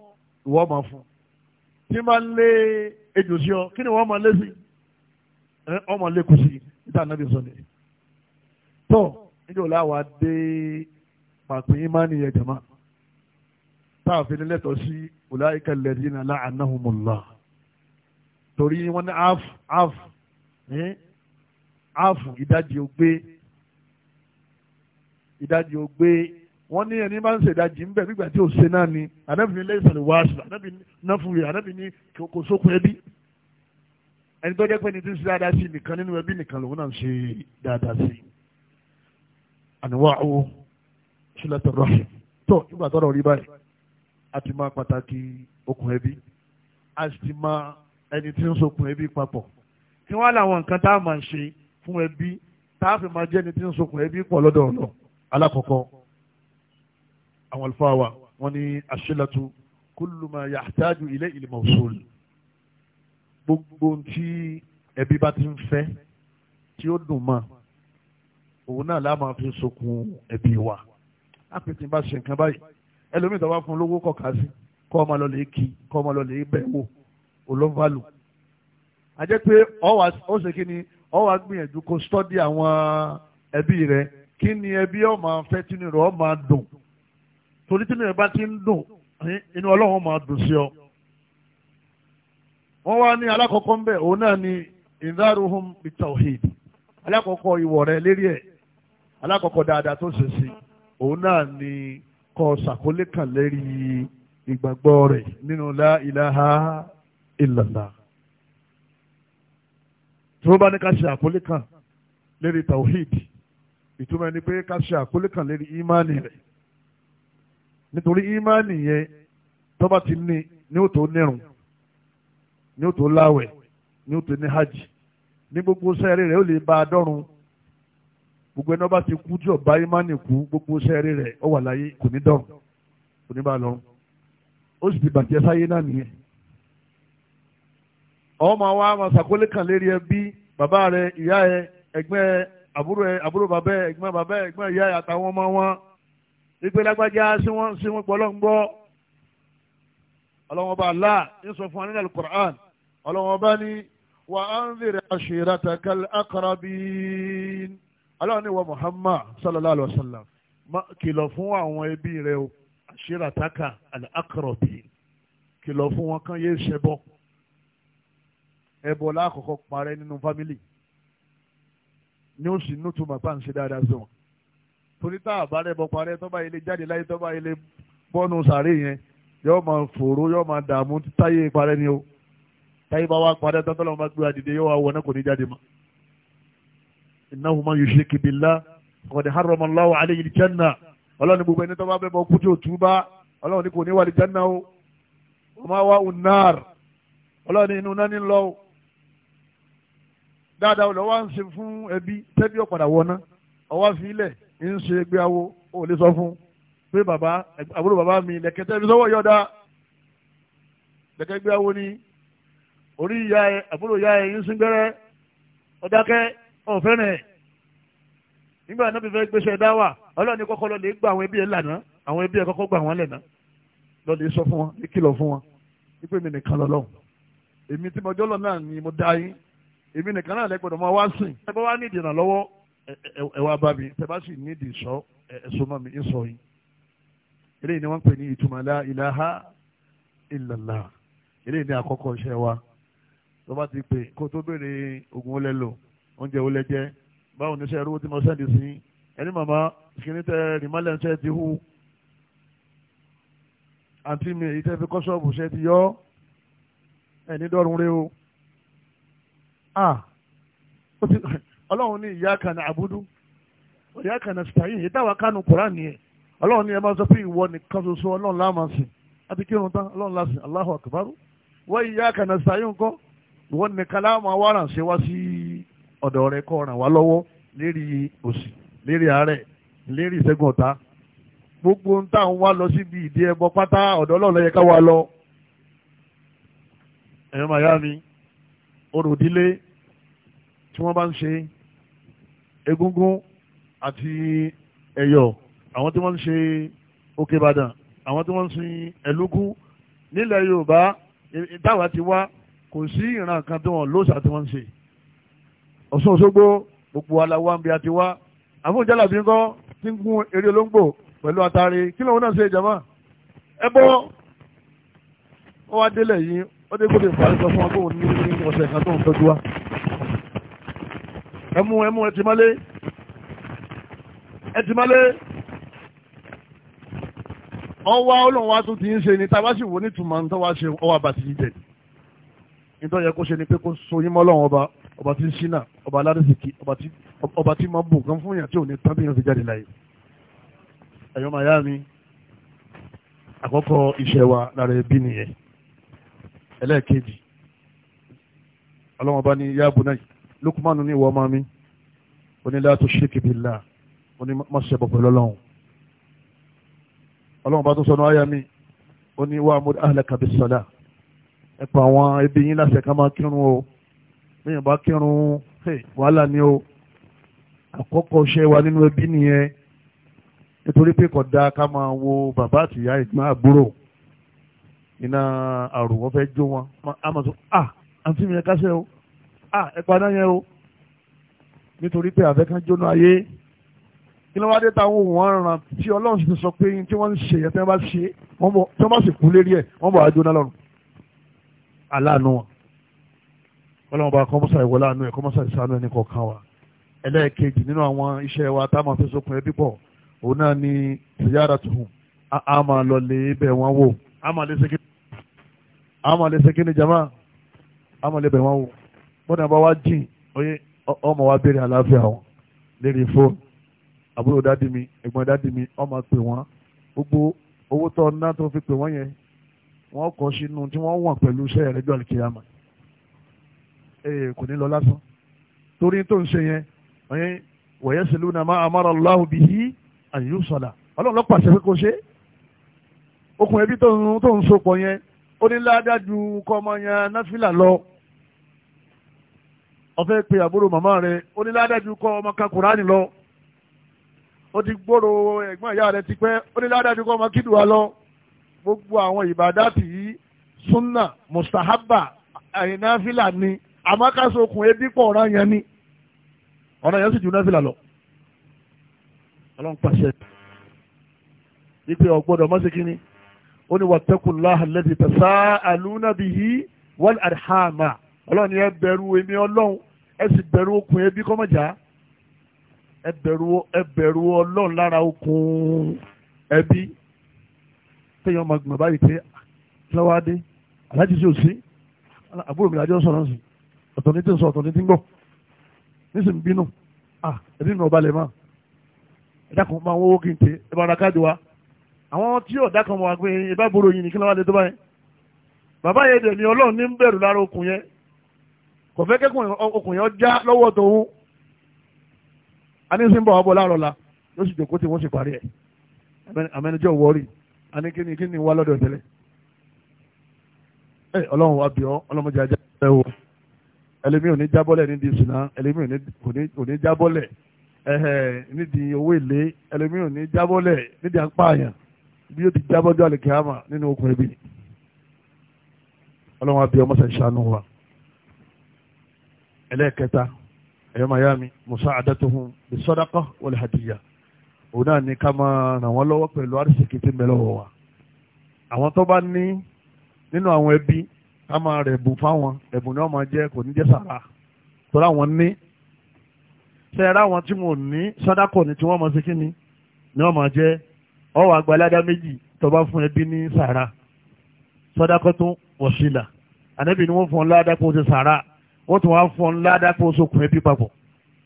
ìwọ́ máa fún tí ń bá ń lé ejò sí ọ kí ni wọ́n máa lé sí ọ máa lé kù sí níta náà bí sọ́ni tó níjọ́ làwọn adé pàpín ìmánìyẹ jẹ̀máà táwọn fi nílẹ̀tọ̀ sí ulaika alladhina la'anahumullah torí wọ́n ní áàfù áàfù áàfù ìdajì ògbé ìdajì ògbé wọ́n ní ẹni bá ń ṣe ìdajì ń bẹ̀ nígbà tí ò ṣe náà ni ànábì ní lẹ́yìn sọ̀rọ̀ wáṣù ànábì náà fún rẹ̀ ànábì ní kò sókun ẹbí ẹni tó jẹ́ pé ní tí ń ṣe dáadáa sí nìkan nínú ẹbí nìkan lòun náà ń ṣe dáadáa sí àníwá owó ṣílẹ̀ tọ̀rọ̀ tó ìgbà tọ̀rọ̀ rí báyìí a ti máa pàtàkì okùn ẹbí a ti máa ẹni tí ń sokùn ẹbí papọ̀ kí wọ́n láwọn nǹkan tá a máa ń ṣe fún ẹbí tá a fi máa jẹ́ ẹni tí ń sokùn ẹbí pọ̀ lọ́dọ̀ ọ̀nà alákọ̀ọ́kọ́ àwọn àlùfáà wa wọ́n ní àṣìlẹ̀tù kullu ma yahtaju ilayhi al-mawsul gbogbo tí ẹbí bá ti ń fẹ́ tí ó dùn mọ́ òun náà la máa fi sokùn ẹbí wa á pè tí bá ṣe nǹkan báyìí ẹlòmíì tó fún lówó sí kọ́ ọmọ lọ kí kọ́ ọmọ lọ lè wò olóńfàlù àjẹ́ pé ó ṣe ni gbìyànjú kó stọ́dí àwọn ẹbí rẹ kí ni ẹbí ma máa tínú rẹ ó dùn torí tínú rẹ bá ti ń dùn inú ọlọ́run máa dùn sí ọ wọ́n wá ní alákọ̀ọ́kọ́ ń bẹ̀ òun ni alákọ̀ọ́kọ́ ìwọ̀ rẹ lérí ẹ̀ alákọ̀ọ́kọ́ dáadáa tó ṣe ni kọ́ ṣàkólé kan lérí ìgbàgbọ́ rẹ̀ nínú la ilaha illallah tí wọ́n bá ní ká ṣe àkólé kan lérí tawhid ìtumọ̀ ẹni pé ká ṣe àkólé kan lérí ìmánì rẹ̀ nítorí ìmánì yẹn tó bá ti ní ní ó nírun ní ó láwẹ̀ ní ó ní hajj ní gbogbo sẹ́ẹ̀rì rẹ̀ ó lè bá a dọ́run gbogbo ẹni ọba ti kú tí ọba imani kú gbogbo sẹ́ẹ̀rì rẹ̀ ọ wà láyé kò ní dán kò ní bá lọ ó sì ti bàjẹ́ sáyé náà nìyẹn. ọmọ wa masakole kan lérí ẹbí bàbá rẹ ìyá ẹ ẹgbẹ́ àbúrò ẹ àbúrò bàbá ẹ ẹgbẹ́ bàbá ẹ ẹgbẹ́ ìyá ẹ àtàwọn ọmọ wọn wípé lágbájá sí wọn sí wọn pọlọ ń gbọ́ ọlọ́wọ́n bá là ń sọ fún wa alukur'an ọlọ́wọ́n bá ní wa anzir ashirataka al-aqrabin ọlọ́run ní wọ Muhammad sallallahu alayhi wa sallam kìlọ̀ fún àwọn ẹbí rẹ o àṣíràtàkà àlàkàrọ̀bì kìlọ̀ fún wọn kan yéé ṣẹbọ ẹbọ lákọ̀ọ́kọ́ parẹ́ nínú fámìlì ní ó sì nútu màpá ń ṣe dáadáa sí wọn torí tá a bá rẹbọ parẹ́ tọ́ba ilé jáde láyé tọ́ba ilé bọ́nu sàárè yẹn yóò máa fòró yóò máa dààmú táyé parẹ́ ni o táyé bá wá parẹ́ tọ́tọ́ gbé wa dìde yóò wọ náà kò ní jáde mọ́ innahu man yushrik billah qad harrama Allahu alayhi al-janna ọlọ́run ní gbogbo ẹni tó bá bẹ́ bọ́ kújò túbá ọlọ́run ní kò ní wà lè janna o wa ma'wahu an-nar ọlọ́run ní inú náà ní lọ dáadáa ọ̀lọ́ wá ń ṣe fún ẹbí tẹ́bí ọ̀padà wọná ọwọ́ fi ilẹ̀ ń ṣe gbéyàwó ó lè sọ fún pé bàbá àbúrò bàbá mi lẹ̀kẹ́ tẹ́bí sọ́wọ́ yọ̀dá lẹ̀kẹ́ gbéyàwó ni orí ìyá ẹ àbúrò ìyá ẹ ń ọ̀fẹ́ràn ẹ̀ nígbà náà bí fẹ́ gbéṣẹ́ dá wà ọlọ́ọ̀ni kọ́kọ́ lọ lè gba àwọn ẹbí ẹ̀ lànà àwọn ẹbí ẹ̀ kọ́kọ́ gba àwọn lẹ̀nà lọ lè sọ fún wọn lè kìlọ̀ fún wọn wípé mi nìkan lọ lọ́hùn èmi tí mo jọ́lọ̀ náà ni mo dá yín èmi nìkan náà lẹ́gbọ̀dọ̀ máa wá sìn ẹ bá wá ní ìdènà lọ́wọ́ ẹ wá bá mi tẹ bá sì ní ìdìsọ́ ẹ̀sùn mọ́ mi ń sọ yín eléyìí ni wọ́n pè ní ìtumọ̀ la ilaha illallah eléyìí ni àkọ́kọ́ iṣẹ́ wa tó bá ti pè kó tó béèrè ogun ó lẹ́lò oúnjẹ wo lẹ jẹ báwo ni iṣẹ́ ẹrú tí mo sẹ́ndì sí ẹni màmá kìíní tẹ rìmálẹ̀ ṣe ti hu àǹtí mi èyí tẹ́ fi kọ́ ṣọ́ọ̀bù ṣe ti yọ ẹni dọ́rùn rẹ o ọlọ́run ní ìyá kan àbúdú ìyá kan ní èyí táwa kánú Kùránì nìyẹn ọlọ́run ní ẹ máa sọ pé ìwọ nìkan ṣoṣo ọlọ́run láàmà sìn àti kírun tán ọlọ́run láàsìn Allahu akbar wọ́n ìyá kan ní sitayin kọ́ ìwọ nìkan láàmà wàrà wá sí i ọ̀dọ̀ rẹ kó ràn wá lọ́wọ́ lérí òṣì lérí àárẹ̀ lérí ìṣẹ́gun ọ̀tá gbogbo ń tà ń wá lọ síbi ìdí ẹbọ pátá ọ̀dọ̀ ọlọ́ọ̀lọ́ yẹ ká wá lọ. ẹ̀rọ màyá mi orò ìdílé tí wọ́n bá ń ṣe egúngún àti ẹ̀yọ̀ àwọn tí wọ́n ń ṣe òkè ìbàdàn àwọn tí wọ́n ń sin ẹ̀lúkú nílẹ̀ yorùbá táwa ti wá kò sí ìran kan tí wọ́n lóṣà tí wọ́n ń ṣe. Ọ̀ṣun Òṣogbo gbogbo aláwa ń bi àti wá àfún jálàbí ńkọ́ tí ń gún eré olóńgbò pẹ̀lú àtàrí kí lóun náà ṣe ìjàmá ẹ bọ́ ó wá délẹ̀ yìí ó dé gbọ́dọ̀ ìfàrí sọ fún agbóhùn ní ọ̀sẹ̀ kan tó ń tọ́jú wa ẹmu ẹmu ẹ ti mọ́lé ẹ ti mọ́lé ọwá olóhùn wa tó ti ń ṣe ni tàbá sì wò ní tùmọ̀ ní tọ́wá ṣe ọwá bàtí jẹ nítorí ẹ kó ṣe ni pé kó so yín mọ́ lọ́wọ́ ọba ọba tí ń ṣínà ọba aládùsìkì ọba tí máa bù nǹkan fún yàn tí ò ní tán bí yàn fi jáde láyé ẹ̀yọ́ máa yá mi àkọ́kọ́ iṣẹ́ wa lára ẹbí nìyẹn ẹlẹ́ẹ̀kejì ọlọ́wọ́n bá ní yá bùnáì lukumanu ní ìwọ ọmọ mi onílá tó ṣe kìbìlá oní mọ́ṣẹ́ bọ̀ pẹ̀lú ọlọ́run ọlọ́run bá tó sọnù àyà mi ó ní wàá mú ahlaka ẹ̀pọ̀ àwọn ẹbí yín láṣẹ ká máa kírun o lẹ́yìn bá kírun wàhálà ni o àkọ́kọ́ ṣe wa nínú ẹbí nìyẹn nítorí pé kò dáa ká máa wo bàbá àtìyá ìgbọ́n àbúrò iná àrùn fẹ́ jó wọn a máa sọ ah àǹtí mi yẹn kásẹ̀ o ah ẹ padà yẹn o nítorí pé àfẹ́kán jóná ayé kí ló wá dé táwọn òun ọ̀ràn tí ọlọ́run ti sọ pé tí wọ́n ń ṣe yẹn tí wọ́n bá ṣe tí wọ́n bá sì kú lérí ẹ̀ wọ́n bọ̀ wá jóná lọ́rùn aláàánú wọn ọlọ́run bá kọ́mọ́sà ìwọlá àánú ẹ̀ kọ́mọ́sà ìsànú ẹni kọ̀ọ̀kan wa ẹlẹ́ẹ̀kejì nínú àwọn iṣẹ́ wa táwọn fi sókun ẹbí pọ̀ òun náà ni tìyára tuhùn a máa lọ lè bẹ̀ wọ́n wò a máa lè ṣe kíni jama a máa lè bẹ̀ wọ́n wò bọ́dà bá wá jìn oyè ọmọ wa béèrè àlàáfíà wọn lérí fóònù àbúrò dádì mi ẹ̀gbọ́n dádì mi ọmọ pè wọ́n gbogbo owó tó ná tó fi pè wọ́n yẹn wọ́n kọ́ sínú tí wọ́n wọ̀n pẹ̀lú iṣẹ́ rẹ̀ jọ̀lì kìyàmá kò ní lọ lásán torí tó ń ṣe yẹn wọ̀nyẹ́ sílú náà máa amára Allahu bihi an yusala ọlọ́run ló pàṣẹ pé kò ṣe okùn ẹbí tó ń sopọ̀ yẹn ó ní ládájú kọ́ ọmọ yẹn náfìlà lọ ọfẹ́ pe àbúrò màmá rẹ ó ní ládájú kọ́ ọmọ ka Kùránì lọ ó ti gbòòrò ẹ̀gbọ́n ìyá rẹ ti pẹ́ ó ní ládájú kọ́ ọmọ kídùá lọ gbogbo àwọn ìbàdàtì yìí sunna mustahaba àyínáfìlà ni àmọ́ ká sokùn ebi pọ̀ ọ̀ràn yẹn ni ọ̀ràn yẹn sì ju náfìlà lọ ọlọ́run pàṣẹ ipe ọ̀gbọ́dọ̀ mọ́síkíní ó ní wattaqullaha alladhi tasa'aluna bihi wal arhama ọlọ́run ẹ bẹ̀rù èmi ọlọ́run ẹ sì bẹ̀rù okùn ẹbí kọ́mọ̀já ẹ bẹ̀rù ọlọ́run lára okùn ẹbí téèyàn máa gbọ̀n báyìí pé kí aláàjì sí òsín àbúrò mi làjọ sọ̀rọ̀ sí ọ̀tọ̀ ní tí ń sọ ọ̀tọ̀ ní tí ń gbọ́ nísìn bínú à ah, ẹbí mi ò balẹ̀ mọ́ ẹ dákun máa wọ́wọ́ kí n tè ẹ bá ra káàdì wa àwọn tí yóò dákan wà pé ẹ bá boro yìí ní kí ló wà lè tó báyìí bàbá yẹn dẹ̀ ni ọlọ́run ní ń bẹ̀rù lára okùn yẹn kò fẹ́ kẹ́kùn okùn yẹn já lọ́wọ́ tòun a ní sínbọ̀ ọbọ̀ láàrọ̀ la ló sì jòkó tí wọ́n sì parí ẹ̀ ọlọ́run wa bì ọ́ ọlọ́mọdé ajá ẹ wò ẹlẹ́mi ò ní jábọ́lẹ̀ nídìí ìsìná ẹlẹ́mi ò ní jábọ́lẹ̀ ẹ̀hẹ̀ nídìí owó èlé ẹlẹ́mi ò ní jábọ́lẹ̀ nídìí apáàyàn bí ó ti jábọ́jọ́ àlìkíyàmà nínú okùn ẹbí ọlọ́run àbí ọmọ sàṣánú wa ẹlẹ́ẹ̀kẹta ẹ̀yọ́ mayami musa adatuhun bisọ́dákọ́ wọlé hadiya òun náà ní ká máa ràn wọ́n lọ́wọ́ pẹ̀lú àrísìkì tí wa àwọn tó bá ní nínú àwọn ẹbí ká máa rẹ̀ bù fáwọn ẹ̀bùn ni wọ́n máa jẹ́ kò ní jẹ́ sàrà tọ́lá wọn ní sẹ́yàrá wọn tí wọn ní sọ́dákọ̀ ni tí wọ́n máa ṣe kí ni ni wọ́n máa jẹ́ ọwọ́ àgbàládá méjì tó bá fún ẹbí ní sàrà sọ́dákọ̀ tó wọ̀sílà ànábì ni wọ́n fún ọ ládàá kó o ṣe sàrà wọ́n tún wá fún ọ ládàá kó o ṣokùn ẹbí papọ̀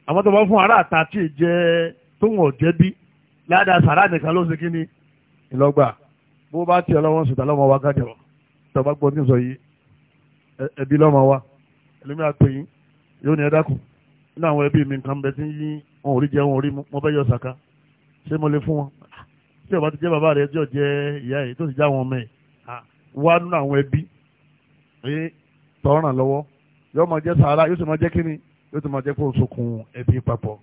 àmọ́ tó bá fún ará àta tí ì jẹ́ tó wọ̀n jẹ́bí ládàá sàrà nìkan ló ṣe kí ni ìlọgbà bó bá tiẹ̀ lọ́wọ́ sùtà lọ́mọ wákàtí ọ̀ tó bá gbọ́ ní yìí ẹbí lọ́mọ wa ẹlẹ́mi àpèyìn yóò ní ẹ dákun nínú àwọn ẹbí mi nǹkan bẹ tí ń yí wọn ò rí jẹ wọn ò rí mu wọn fẹ́ yọ sàká ṣé mo lè fún wọn ah, tí ọba ti jẹ́ bàbá rẹ̀ tí ò jẹ́ ìyá yìí tó ti já wọn mẹ́ ẹ̀ ah, wá nínú àwọn ẹbí tọ́ràn lọ́wọ́ yóò máa jẹ́ sàárà yóò sì máa jẹ́ kíni yóò sì máa jẹ́ kó sokùn ẹbí papọ̀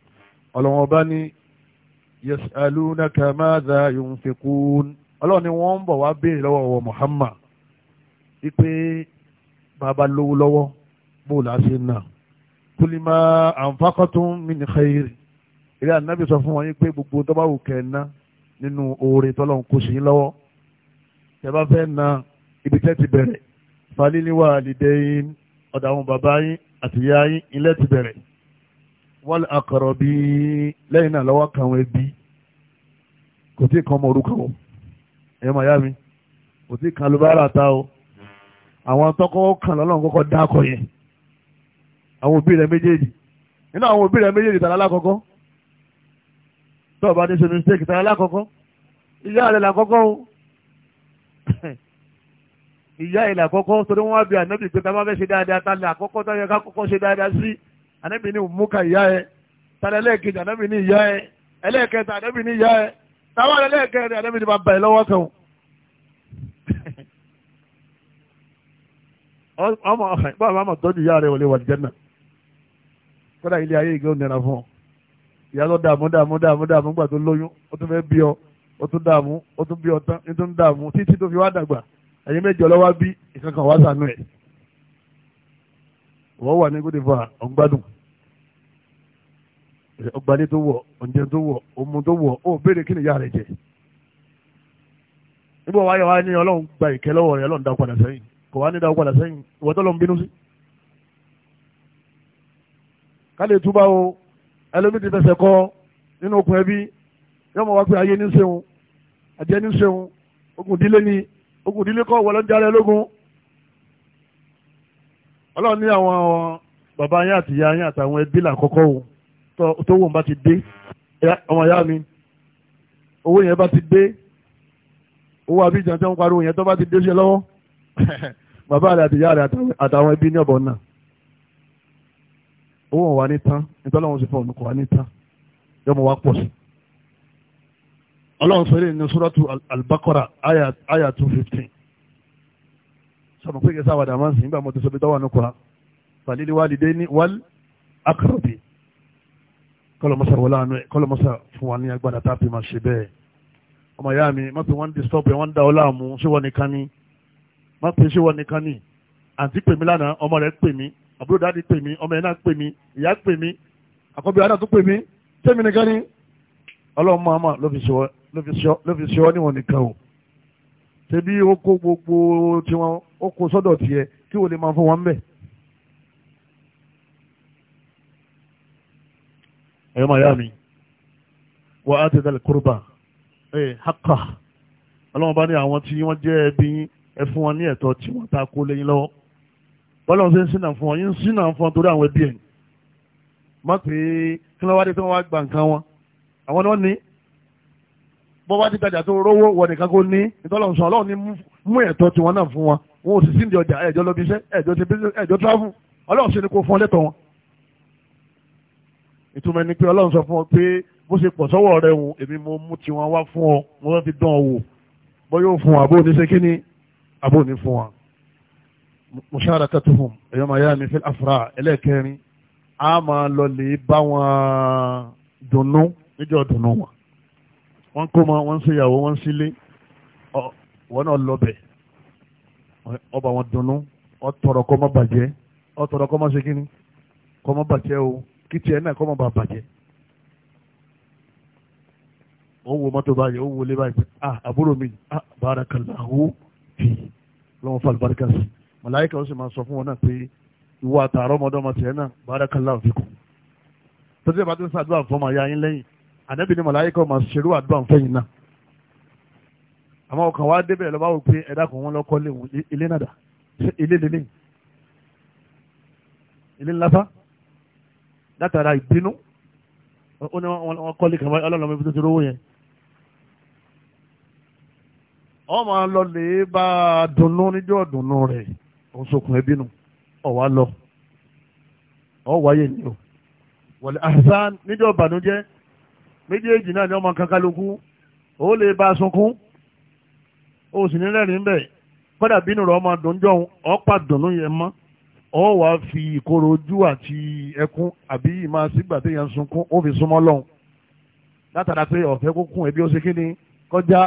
ọlọ́wọ́n bá ní yasalunaka madha yunfiqun ọlọ́run ni wọ́n ń bọ̀ wá béèrè lọ́wọ́ Muhammad bàbá lówó lọ́wọ́ bó o là ṣe nà kúlímà àǹfàkọ́tún mi ní xeyìrì ilé ànábì sọ fún wọn yín pé gbogbo tó bá wù kẹ́ ẹ̀ ná nínú oore tọ́lọ́run kò sí lọ́wọ́ tẹ́ bá fẹ́ na ibi tẹ́ ti bẹ̀rẹ̀ falíníwá àlìdẹ́yìn ọ̀dà àwọn bàbá yín àti ìyá yín ilé ti bẹ̀rẹ̀ wọ́n akọ̀rọ̀ bí lẹ́yìn náà lọ́wọ́ kan ẹbí kò tí kan ọmọ orúkọ ẹ̀yọ́ àwọn tọ́kọ́ kan lọ́lọ́run kọ́kọ́ dákọ̀ yẹn àwọn òbí rẹ̀ méjèèjì nínú àwọn òbí rẹ̀ méjèèjì tàlá lákọ̀ọ́kọ́ tó o bá ti ṣe mistake tàlá lákọ̀ọ́kọ́ ìyá rẹ̀ làkọ́kọ́ o ìyá rẹ̀ làkọ́kọ́ torí wọ́n wá bí ànábì pé tá a bá fẹ́ ṣe dáadáa tá a lè àkọ́kọ́ tó yẹ ká kọ́kọ́ ṣe dáadáa sí ànábì ní òmùka ìyá ẹ tàlẹ́ ẹlẹ́ẹ̀kejì ànábì ní ìyá ẹ ẹlẹ́ẹ̀kẹta ànábì ní ìyá ẹ táwọn ẹlẹ́ẹ̀kẹrin ànábì ní bàbá ẹ lọ́wọ́ kan o. ọmọ báwa máa mọ̀ tọ́jú ìyá rẹ̀ wọlé wà jẹ́nà kódà ilé ayé ìgbẹ́ ònira fún ọ ìyá lọ dààmú dààmú dààmú dààmú gbà tó lóyún ó tún fẹ́ bí ọ ó tún dààmú ó tún bí ọ tán ó tún dààmú títí tó fi wá dàgbà ẹ̀yin méjì ọlọ́wà bí ìkankan wá sànú ẹ̀ wọ́n wà ní gúdìfà ọ̀gbádùn ọgbàlẹ̀ tó wọ̀ oúnjẹ tó wọ̀ omu tó wọ̀ ó béèrè kí ni ìyá jẹ nígbà wáyà wá ní ọlọ́run gba ìkẹ́ lọ́wọ́ ọlọ́run dá padà sẹ́yìn kò wá ní dáwọ́ padà sẹ́yìn ìwọ tó lọ ń bínú sí. ká lè túbà o ẹlòmí ti fẹsẹ̀ kọ nínú okùn ẹbí yóò mọ̀ wá pé ayé ní sẹ́wọ̀n àjẹ́ ní sẹ́wọ̀n okùn dílé ni okùn dílé kọ́ wọlé ń járẹ́ lógún. ọlọ́run ní àwọn bàbá yín àti ìyá yín àtàwọn ẹbí làkọ́kọ́ o tó wò ń bá ti dé ọmọ ìyá mi owó yẹn bá ti dé owó àbíjàn tó ń pariwo yẹn tó bá ti dé sí ẹ lọ́wọ́ bàbá rẹ̀ àtìyá rẹ̀ àtàwọn ẹbí ní ọ̀bọ̀ náà owó wọn wà ní tán nítorí ọlọ́run sì fún ọ̀nùkọ̀ wà ní tán yọmọ wa pọ̀ sí. ọlọ́run sọ ní suratu al-Baqara aya two fifteen sọmọ pé kẹsà wàdà máa ń sìn nígbà mo ti sọ bí tọ́wọ́ ànúkọ̀ falili walide ni wal akarabi kọlọmọsà wọlé àánú ẹ kọlọmọsà fún wa ní agbára tá a fi máa ṣe bẹ́ẹ̀ ọmọ ìyá mi mọ́tò wọn disturb ẹ wọ́n ń da ọ ṣé wọ́n nìkan ni má pè ṣé wọn nìkan ni àǹtí pè mí lánàá ọmọ rẹ̀ pè mí àbúrò dáàdi pè mí ọmọ ẹ̀ náà pè mí ìyá pè mí àkọ́bí ọ̀dà tó pè mí tẹ́mi nìkan ni ọlọ́run máa máa ló fi ṣe ọ́ níwọ̀n nìkan o ṣebí ó kó gbogbo tiwọn ó kó sọ́dọ̀ tiẹ̀ kí wò lè máa fún wọn ń bẹ̀. ẹ̀yọ́ máa yá mi wọ́n á ti dálẹ̀ kúrúbà ẹ̀ hákà ọlọ́run bá ní àwọn tí wọ́n jẹ́ ẹbí yín ẹ fún wọn ní ẹ̀tọ́ tí wọ́n ta kó lẹ́yìn lọ́wọ́ bọ́lá ọ̀sẹ̀ ń sínà fún wọn yín sínà fún wọn torí àwọn ẹbí ẹ̀ mọ̀ pé kí wọ́n wá dé tí wọ́n wá gba nǹkan wọn àwọn náà ní bọ́ wá dítajà tó rówó wọ nìkan kó ní ìtọ́lọ́sọ ọlọ́run ní mú ẹ̀tọ́ tí wọ́n náà fún wọn wọn ò sì sí ìdí ọjà ẹ̀jọ́ lọ bí iṣẹ́ ẹ̀jọ́ ti ẹ̀jọ́ travel ọlọ́run ṣe ni kò fún ọ lẹ́tọ̀ wọn. ìtumọ̀ ni pé ọlọ́run sọ fún ọ pé bó ṣe pọ̀ sọ́wọ́ rẹ̀ hùn èmi mo mú tiwọn wá fún ọ mo fẹ́ fi dán ọ wò bọ́ yóò fún àbó oníṣẹ́ ni abóni fún wa mushara tatuhum èyàn máa yára ní fil afra ẹlẹ́ẹ̀kẹrin a máa lọ lè bá wọn dùnnú níjọ́ dùnnú wọn wọ́n kó ma wọ́n sí ìyàwó wọ́n sílé wọ́n náà lọ́bẹ̀ ọba wọn dùnnú ọtọ̀rọ̀ kọ́ mọ́ bàjẹ́ ọtọ̀rọ̀ kọ́ mọ́ ṣe kíní kọ́ mọ́ o kí náà kọ́ mọ́ bà bàjẹ́ ó wo mọ́tò báyìí ó wo lé báyìí ah àbúrò mi ah barakallahu lọ́wọ́ falibarika sí màláìka ó sì máa sọ fún wọn náà pé ìwọ àtàrọ ọmọdọ́mọ tiẹ̀ náà barakallahu fikum tó ti bá ti ń sàdúrà fún ọmọ ya yín lẹ́yìn ànábì ni màláìka ó máa ṣerú àdúrà fẹ́yìn náà àmọ́ ọkàn wa débẹ̀ lọ́ba wò pé ẹ̀dá kan wọn lọ́kọ́ ilé nàdà ilé lélẹ̀ ilé ńláfà látara ìbínú ó ní wọn kọ́lé kàwé ọlọ́run ọmọ ibi tó ti rówó yẹn ọ máa lọ lè bá a dunnú níjọ́ dunnú rẹ̀ òun sokùn ẹbí nu ọ̀wá lọ ọ̀ wáyé ni o wọ̀lẹ̀ àṣà níjọ́ ìbànújẹ́ méjèèjì náà ni ọmọ kankanlókú ó lè bá a sunkún ó sì ní rẹ́rìn-ín bẹ́ẹ̀ kọ́dà bínú rẹ̀ ọmọ dùnjọ́ ọ pa yẹn mọ́ ọ wà fi ìkorò ojú àti ẹkún àbí ìmáa sígbà téèyàn sunkún ó fi súnmọ́ lọ́hùn látara pé ọ̀fẹ́ kó ẹbí ó ṣe kí ni kọjá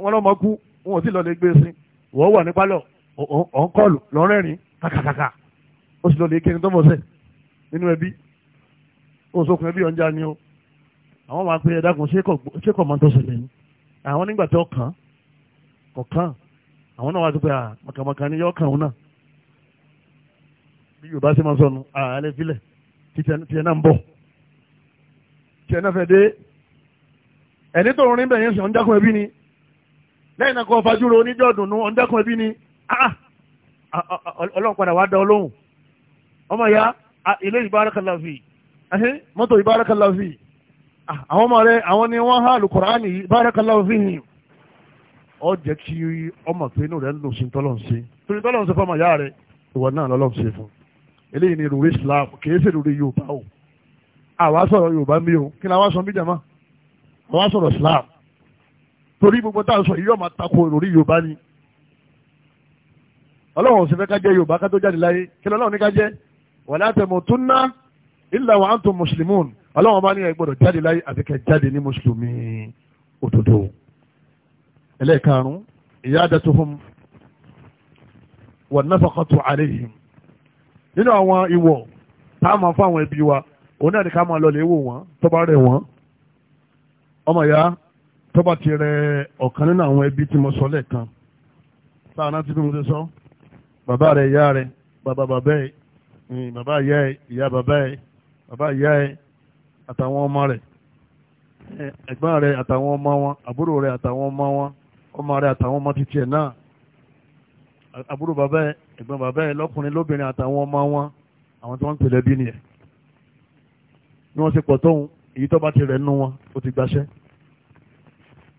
wọ́n lọ́mọ kú wọn ò sì lọ́ọ́ lè gbé e sí wọ́n wà ní pálọ̀ ọ̀n kọ́ọ̀lù lọ́rẹ́rìn kàkàkàkà ó sì lọ́ọ́ lè kéde tọ́mọ̀ sẹ̀ nínú ẹbí òun sókun ẹbí ọ̀njà ni o àwọn máa pe ẹ̀dákun ṣé kò mọ́ tó ṣẹlẹ̀ ni àwọn nígbà tó kàn kọ̀kan àwọn náà wá sí pé màkàmàkà ni yọ̀ọ́ kàn òun náà bí Yorùbá ṣe máa sọnù àlẹ́ filẹ̀ tiẹ̀ náà ń bọ̀ tiẹ̀ náà fẹ́ dé ẹni tó rin bẹ́ẹ̀ yẹn ń dákun ẹbí ni lẹ́yìn náà kò fajúro oníjọ́dún nu ọ̀ndẹ́kùn ẹbí ni ah, ah, ah, ọlọ́run padà wá dá ọ lóhùn ọmọ ìyá ilé ìbárakàlàfì mọ́tò ìbárakàlàfì àwọn ọmọ rẹ àwọn ni wọ́n há alukùránì ìbárakàlàfì yìí ọ jẹ́ kí ọmọ pé inú rẹ̀ ń lò sí tọ́lọ́nsí torí tọ́lọ́nsí fọmọ ìyá rẹ̀ ìwọ náà lọ́lọ́nsí fún eléyìí ni rúrí Islam kìí ṣe rúrí Yorùbá o àwa sọ̀rọ̀ Yorùbá mi o kí ni àwa sọ bí jama àwa sọ̀rọ̀ Islam torí gbogbo tá a sọ yìí yóò máa tako ìròrí yorùbá ni ọlọ́run sì fẹ́ ká jẹ́ yorùbá ká tó jáde láyé kí lọ́lọ́run ní ká jẹ́ wala tamutunna illa wa antum muslimun ọlọ́run bá ní ẹ gbọ́dọ̀ jáde láyé àti kẹ́ jáde ní mùsùlùmí òdodo ẹlẹ́ẹ̀karùn-ún iyadatuhum wa nafaqatu alayhim nínú àwọn ìwọ̀ tá a máa fún àwọn ẹbí wa òun náà ni ká máa lọ tó bá ti rẹ ọ̀kan nínú àwọn ẹbí tí mo sọ lẹ́ẹ̀kan láàrín tí mo ti sọ bàbá rẹ̀ ìyá rẹ̀ bàbá bàbá ẹ̀ bàbá ìyá ẹ̀ ìyá bàbá ẹ̀ bàbá ìyá ẹ̀ àtàwọn ọmọ rẹ̀ ẹ̀gbọ́n rẹ̀ àtàwọn ọmọ wọn àbúrò rẹ̀ àtàwọn ọmọ wọn ọmọ rẹ̀ àtàwọn ọmọ títí ẹ̀ náà àbúrò bàbá ẹ̀ ẹ̀gbọ́n bàbá ẹ̀ lọ́kùnrin lóbìnrin àtàwọn ọmọ wọn àwọn tí wọ́n ń pèlè bí nìyẹn bí wọ́n ṣe pọ̀ tóun èyí tó bá ti rẹ̀ nú wọn ó ti gbaṣẹ́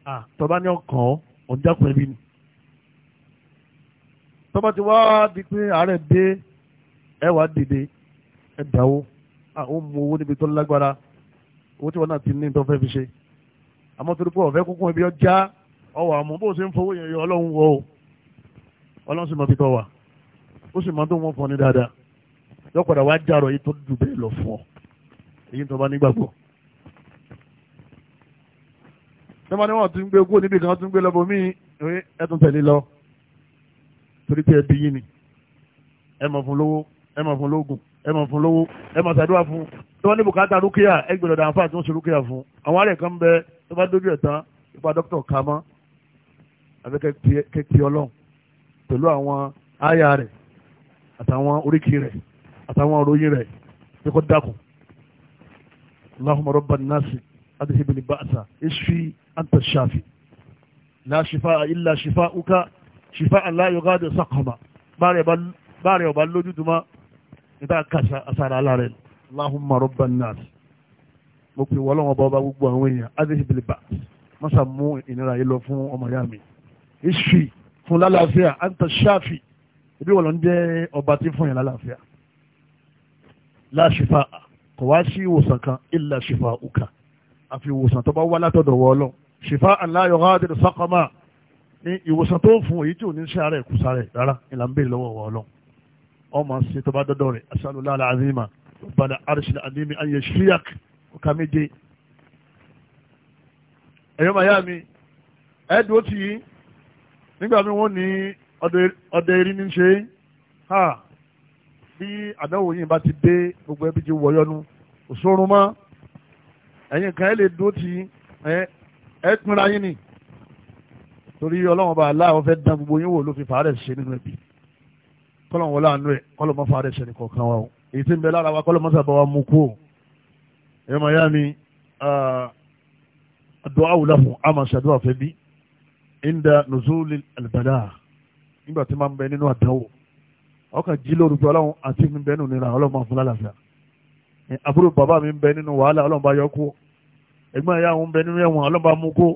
Ah, tọ́ba ní ọkàn ọ́ ọ̀dàkùn ẹbí ni tọ́ba ti wá di pé àárẹ̀ dé ẹ wàá dìde ẹ dáwó àwọn ah, mú owó níbi tó lágbára owó tí wọn náà ti ní tó fẹ́ fi ṣe àmọ́ torí pé ọ̀fẹ́ kúnkún ibi ọjà ọwọ́ àmọ́ bó ṣe ń fowó yẹn yọ ọlọ́run wọ o ọlọ́run sì mọ fi tọ́ wa ó sì mọ tó wọn fọ ní dáadáa yọ padà wá jàrọ̀ yìí tó dùbẹ́ lọ fún ọ èyí tó bá nígbàgbọ́. tọ́mọ ni wọ́n ti ń gbé kó níbi kan tún gbé lọ́bọ̀ míì ẹ tún tẹ̀lé lọ torí pé ẹbí yìí ni ẹ máa fún lówó ẹ máa fún lóògùn ẹ máa fún lówó ẹ máa ṣàdúrà fún tó bá ní bùkátà rúkìá ẹ gbèrò dàn fáà tó ń ṣe rúkìá fún àwọn àrẹ kan bẹ tó bá dójú ẹ̀ tán ipa dókítà ká mọ́ àbí kẹ́kẹ́ ọlọ́run pẹ̀lú àwọn àyà rẹ̀ àtàwọn oríkì rẹ̀ àtàwọn òròyìn rẹ̀ kíkọ́ dákun Allahumma rabban nasi adhhib al-ba'sa أنت anta لا شفاء إلا shifaa illa shifauka shifaan la yughadiru saqama báàrẹ̀ ọba lójútùmá níta kàṣà àṣàrà alárẹ̀ Allahumma rabban nas mo pè wọ́n lọ́wọ́ bá gbogbo àwọn èèyàn adéṣe bilibà mọ́sà mú ìnira yìí lọ fún ọmọ ìyá mi ìṣì fún lálàáfíà anta ṣáfì ibi wọ́n lọ ń jẹ́ ọba tí fún yẹn lálàáfíà la kò wá sí ìwòsàn kan illa shifa àfi ìwòsàn tó bá wá látọ̀dọ̀ wọ ọlọ́ shifaan la yughadiru saqama ní ìwòsàn tó ń fún èyí tí ò ní ṣe ara ẹ̀kú sára ẹ̀ rárá ìlà ń bèèrè lọ́wọ́ wọ ọlọ́ ọmọ ṣe tó bá dọ́dọ̀ rẹ̀ as'alullah al-azima rabbal arshil azim an yashfiyak ọ̀ka méje ẹ̀yọ́ màyá mi ẹ̀ẹ́dùn ti yí nígbà mi wọ́n ní ọdẹ erin ní ṣe bí àdáwò yìí bá ti dé gbogbo ẹbí ti wọ̀yọ́nu òṣòrùn ẹ̀yin kan ẹ lè dúró ti ẹ pinra yín ni torí ọlọ́run bá aláwọ̀ fẹ́ dán gbogbo yín wò ló fi fàárẹ̀ ṣe nínú ẹbí kọ́lọ̀ wọlé àánú ẹ̀ kọ́lọ̀ mọ́ fàárẹ̀ ṣe nìkan kan wa o èyí tí ń bẹ lára wa kọ́lọ̀ mọ́sà bá wa mú kú o ẹ mọ̀ yá mi àdúà àwùlá fún àmọ̀ ṣàdúrà fẹ́ ìndà nùzúlì àlùbàdà nígbà tí máa ń bẹ nínú àdánwò ọkàn jí lóru ọlọ́run àti mi bẹ nínú ìlànà ọlọ́run máa fún lálàáfíà àbúrò bàbá mi ń bẹ nínú wàhálà ọlọ́run bá yọ kú ẹ̀gbọ́n ìyá òun bẹ nínú ẹ̀wọ̀n ọlọ́ba mú kó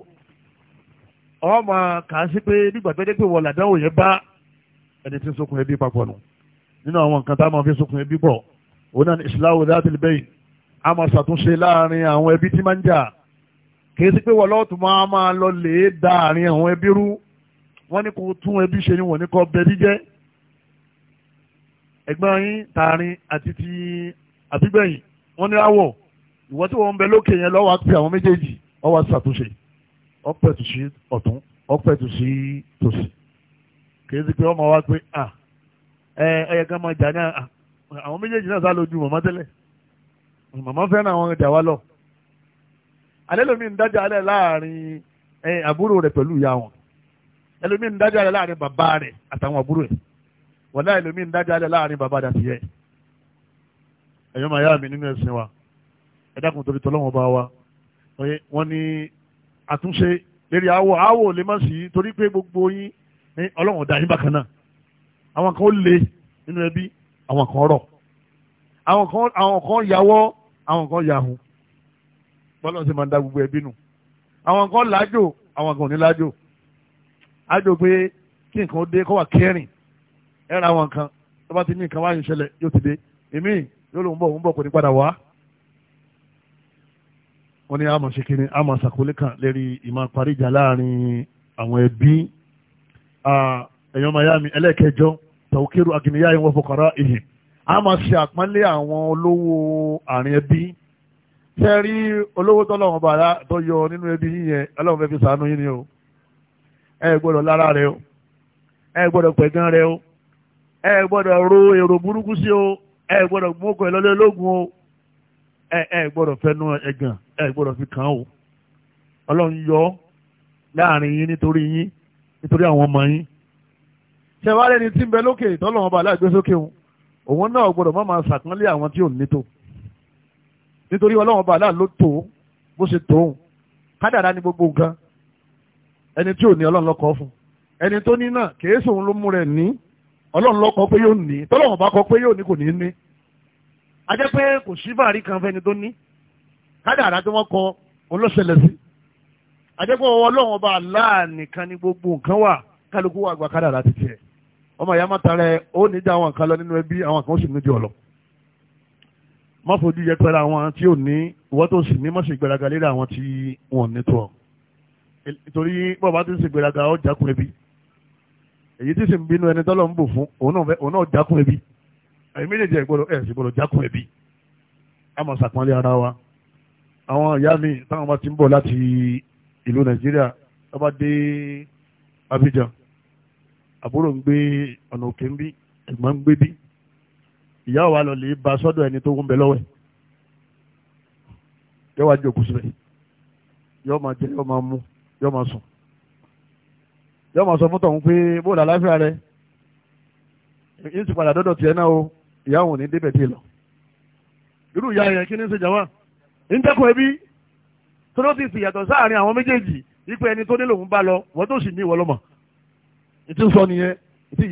ọmọ kà á sí pé nígbà tó dé pé wọ́n làdánwò yẹn bá ẹni tí ń sokùn ẹbí papọ̀ nù nínú àwọn nǹkan tá a máa fi sokùn ẹbí bọ̀ òun náà ní ìsìláwò dáàtìlì bẹ́yìn a máa ṣàtúnṣe láàrin àwọn ẹbí tí máa ń jà kìí sí pé wọ́n lọ́ọ̀tù máa máa lọ lè da àárín àwọn ẹbí rú wọ́n ní kó tún ẹbí ṣe ni wọ́n ní kó bẹ́ẹ̀ jíjẹ́ ẹ̀gbọ́n yín tààrin àti ti àbígbẹ̀yìn wọ́n ní àwọ̀ ìwọ tí wọ́n ń bẹ lókè yẹn lọ́wọ́ á pe àwọn méjèèjì ọwọ́ ṣàtúnṣe ọpẹ̀tù sí ọ̀tún ọpẹ̀tù sí tòsì kìí sí pé ọmọ wa pé à ẹ ẹyẹ kan máa jà náà àwọn méjèèjì náà sá lójú màmá tẹ́lẹ̀ màmá fẹ́ràn àwọn ìjà wa lọ alẹ́ lómi ń dájà alẹ́ láàrin àbúrò rẹ̀ pẹ̀lú ìyá wọn ẹlòmíì ń dájà rẹ̀ láàrin bàbá rẹ̀ àtàwọn àbúrò ẹ̀ wọ́n láì ń dájà rẹ̀ láàrin bàbá rẹ̀ àtìyẹ́ ẹ̀yọ́ màá yá mi nínú ẹ̀sìn wa ẹ dákun torí tọ́lọ́wọ́n bá wa wọ́n ní àtúnṣe lérí àwọ̀ àwọ̀ lè má sí torí pé gbogbo yín ní ọlọ́run ọ̀dà yín bákan náà àwọn kan ó le nínú ẹbí àwọn kan rọ̀ àwọn kan àwọn kan yàwọ́ àwọn kan yàhùn bọ́lá ṣe máa ń da gbogbo ẹbí nù àwọn kan lájò àwọn kan ò ní lájò ájò pé kí nǹkan dé kó wà kẹrin ẹ ra àwọn kan tó bá ti ní nǹkan wáyé ìṣẹ̀lẹ̀ yóò ti dé èmi yóò lòun bọ̀ òun bọ̀ kò ní padà wá wọ́n a a ṣe kíni àmọ̀ ṣàkólé kan lérí ìmọ̀ paríjà láàrin àwọn ẹbí ẹ̀yọ́ miami ẹlẹ́kẹjọ tàwókèrò àgìníyá ìwọ̀n fọkàrà ìhìn àmọ̀ ṣe àpọ́nlé àwọn olówó àárín ẹbí tẹ́ rí olówó tọ́lọ́wọ́n bàrá tó yọ nínú ẹbí fẹ́ fi yín ni o ẹ gbọ́dọ̀ lára rẹ o ẹ o ẹ gbọ́dọ̀ ro èrò o ẹ gbọ́dọ̀ mú ọkọ̀ ẹ gbọ́dọ̀ fi kàn ó ọlọ́run yọ láàrin yín nítorí yín nítorí àwọn ọmọ yín ṣẹwàárẹ̀ ni tí ń bẹ lókè ìtọ́lọ́wọ́n bá aláàgbé sókè òun òun náà gbọ́dọ̀ má máa ṣàkánlé àwọn tí ò ní tó nítorí ọlọ́wọ́n bá ló tó bó ṣe tó òun kádàrá ni gbogbo nǹkan ẹni tí ò ní ọlọ́run lọ́kọ́ fún ẹni tó ní náà kìí sòun ló mú rẹ̀ ní ọlọ́run lọ́kọ́ pé yóò ní tọ́lọ́wọ́n bá kọ́ pé yóò ní kò ní ní a jẹ́ pé kò sí fàárí kan fẹ́ni tó ní kádàrá tí wọ́n kọ olóṣèlẹ̀ sí àjẹpọ̀ ọlọ́run ọba aláàánìkan ní gbogbo nǹkan wà kálukú wà gba kádàrá ti tiẹ̀ ọmọ ìyá máa tara ẹ ó ní dá àwọn nǹkan lọ nínú ẹbí àwọn kan ó sì ní di ọ̀lọ́ má fojú yẹpẹrẹ àwọn tí ò ní ìwọ tó sì ní má sì gbéraga lérí àwọn tí wọn ní tó ọ bọ́ọ̀bá tó sì gbéraga ó jákun ẹbí èyí tí sì ń bínú ẹni tọ́lọ́ ń bò fún òun náà jákun ẹbí èyí méjèèjì ẹ̀ gbọ́dọ̀ ẹ̀ sì gbọ́dọ̀ jákun ẹbí a máa ṣàpọ́nlé ara wa àwọn ìyá mi táwọn bá ti ń bọ̀ láti ìlú nàìjíríà tó bá dé abidjan àbúrò ń gbé ọ̀nà òkè ń bí ẹ̀gbọ́n ń gbé bí ìyá wa lọ lè ba sọ́dọ̀ ẹni tó ń bẹ lọ́wọ́ ẹ̀ yóò jókòó síbẹ̀ yóò máa jẹ yóò máa mu yóò máa sùn yóò máa sọ fún tọ̀hún pé bóòlù àláfíà rẹ yín sì padà dọ́dọ̀ tiẹ̀ náà o ìyá òun ò ní débẹ̀ tí ì lọ irú ìyá yẹn kí ni ń ṣe jàmáà ń dẹ́kun ẹbí tó ló ti fìyàtọ̀ sáàrin àwọn méjèèjì wípé ẹni tó nílò ń bá lọ wọ́n tó sì ní lọ́mọ sọ nìyẹn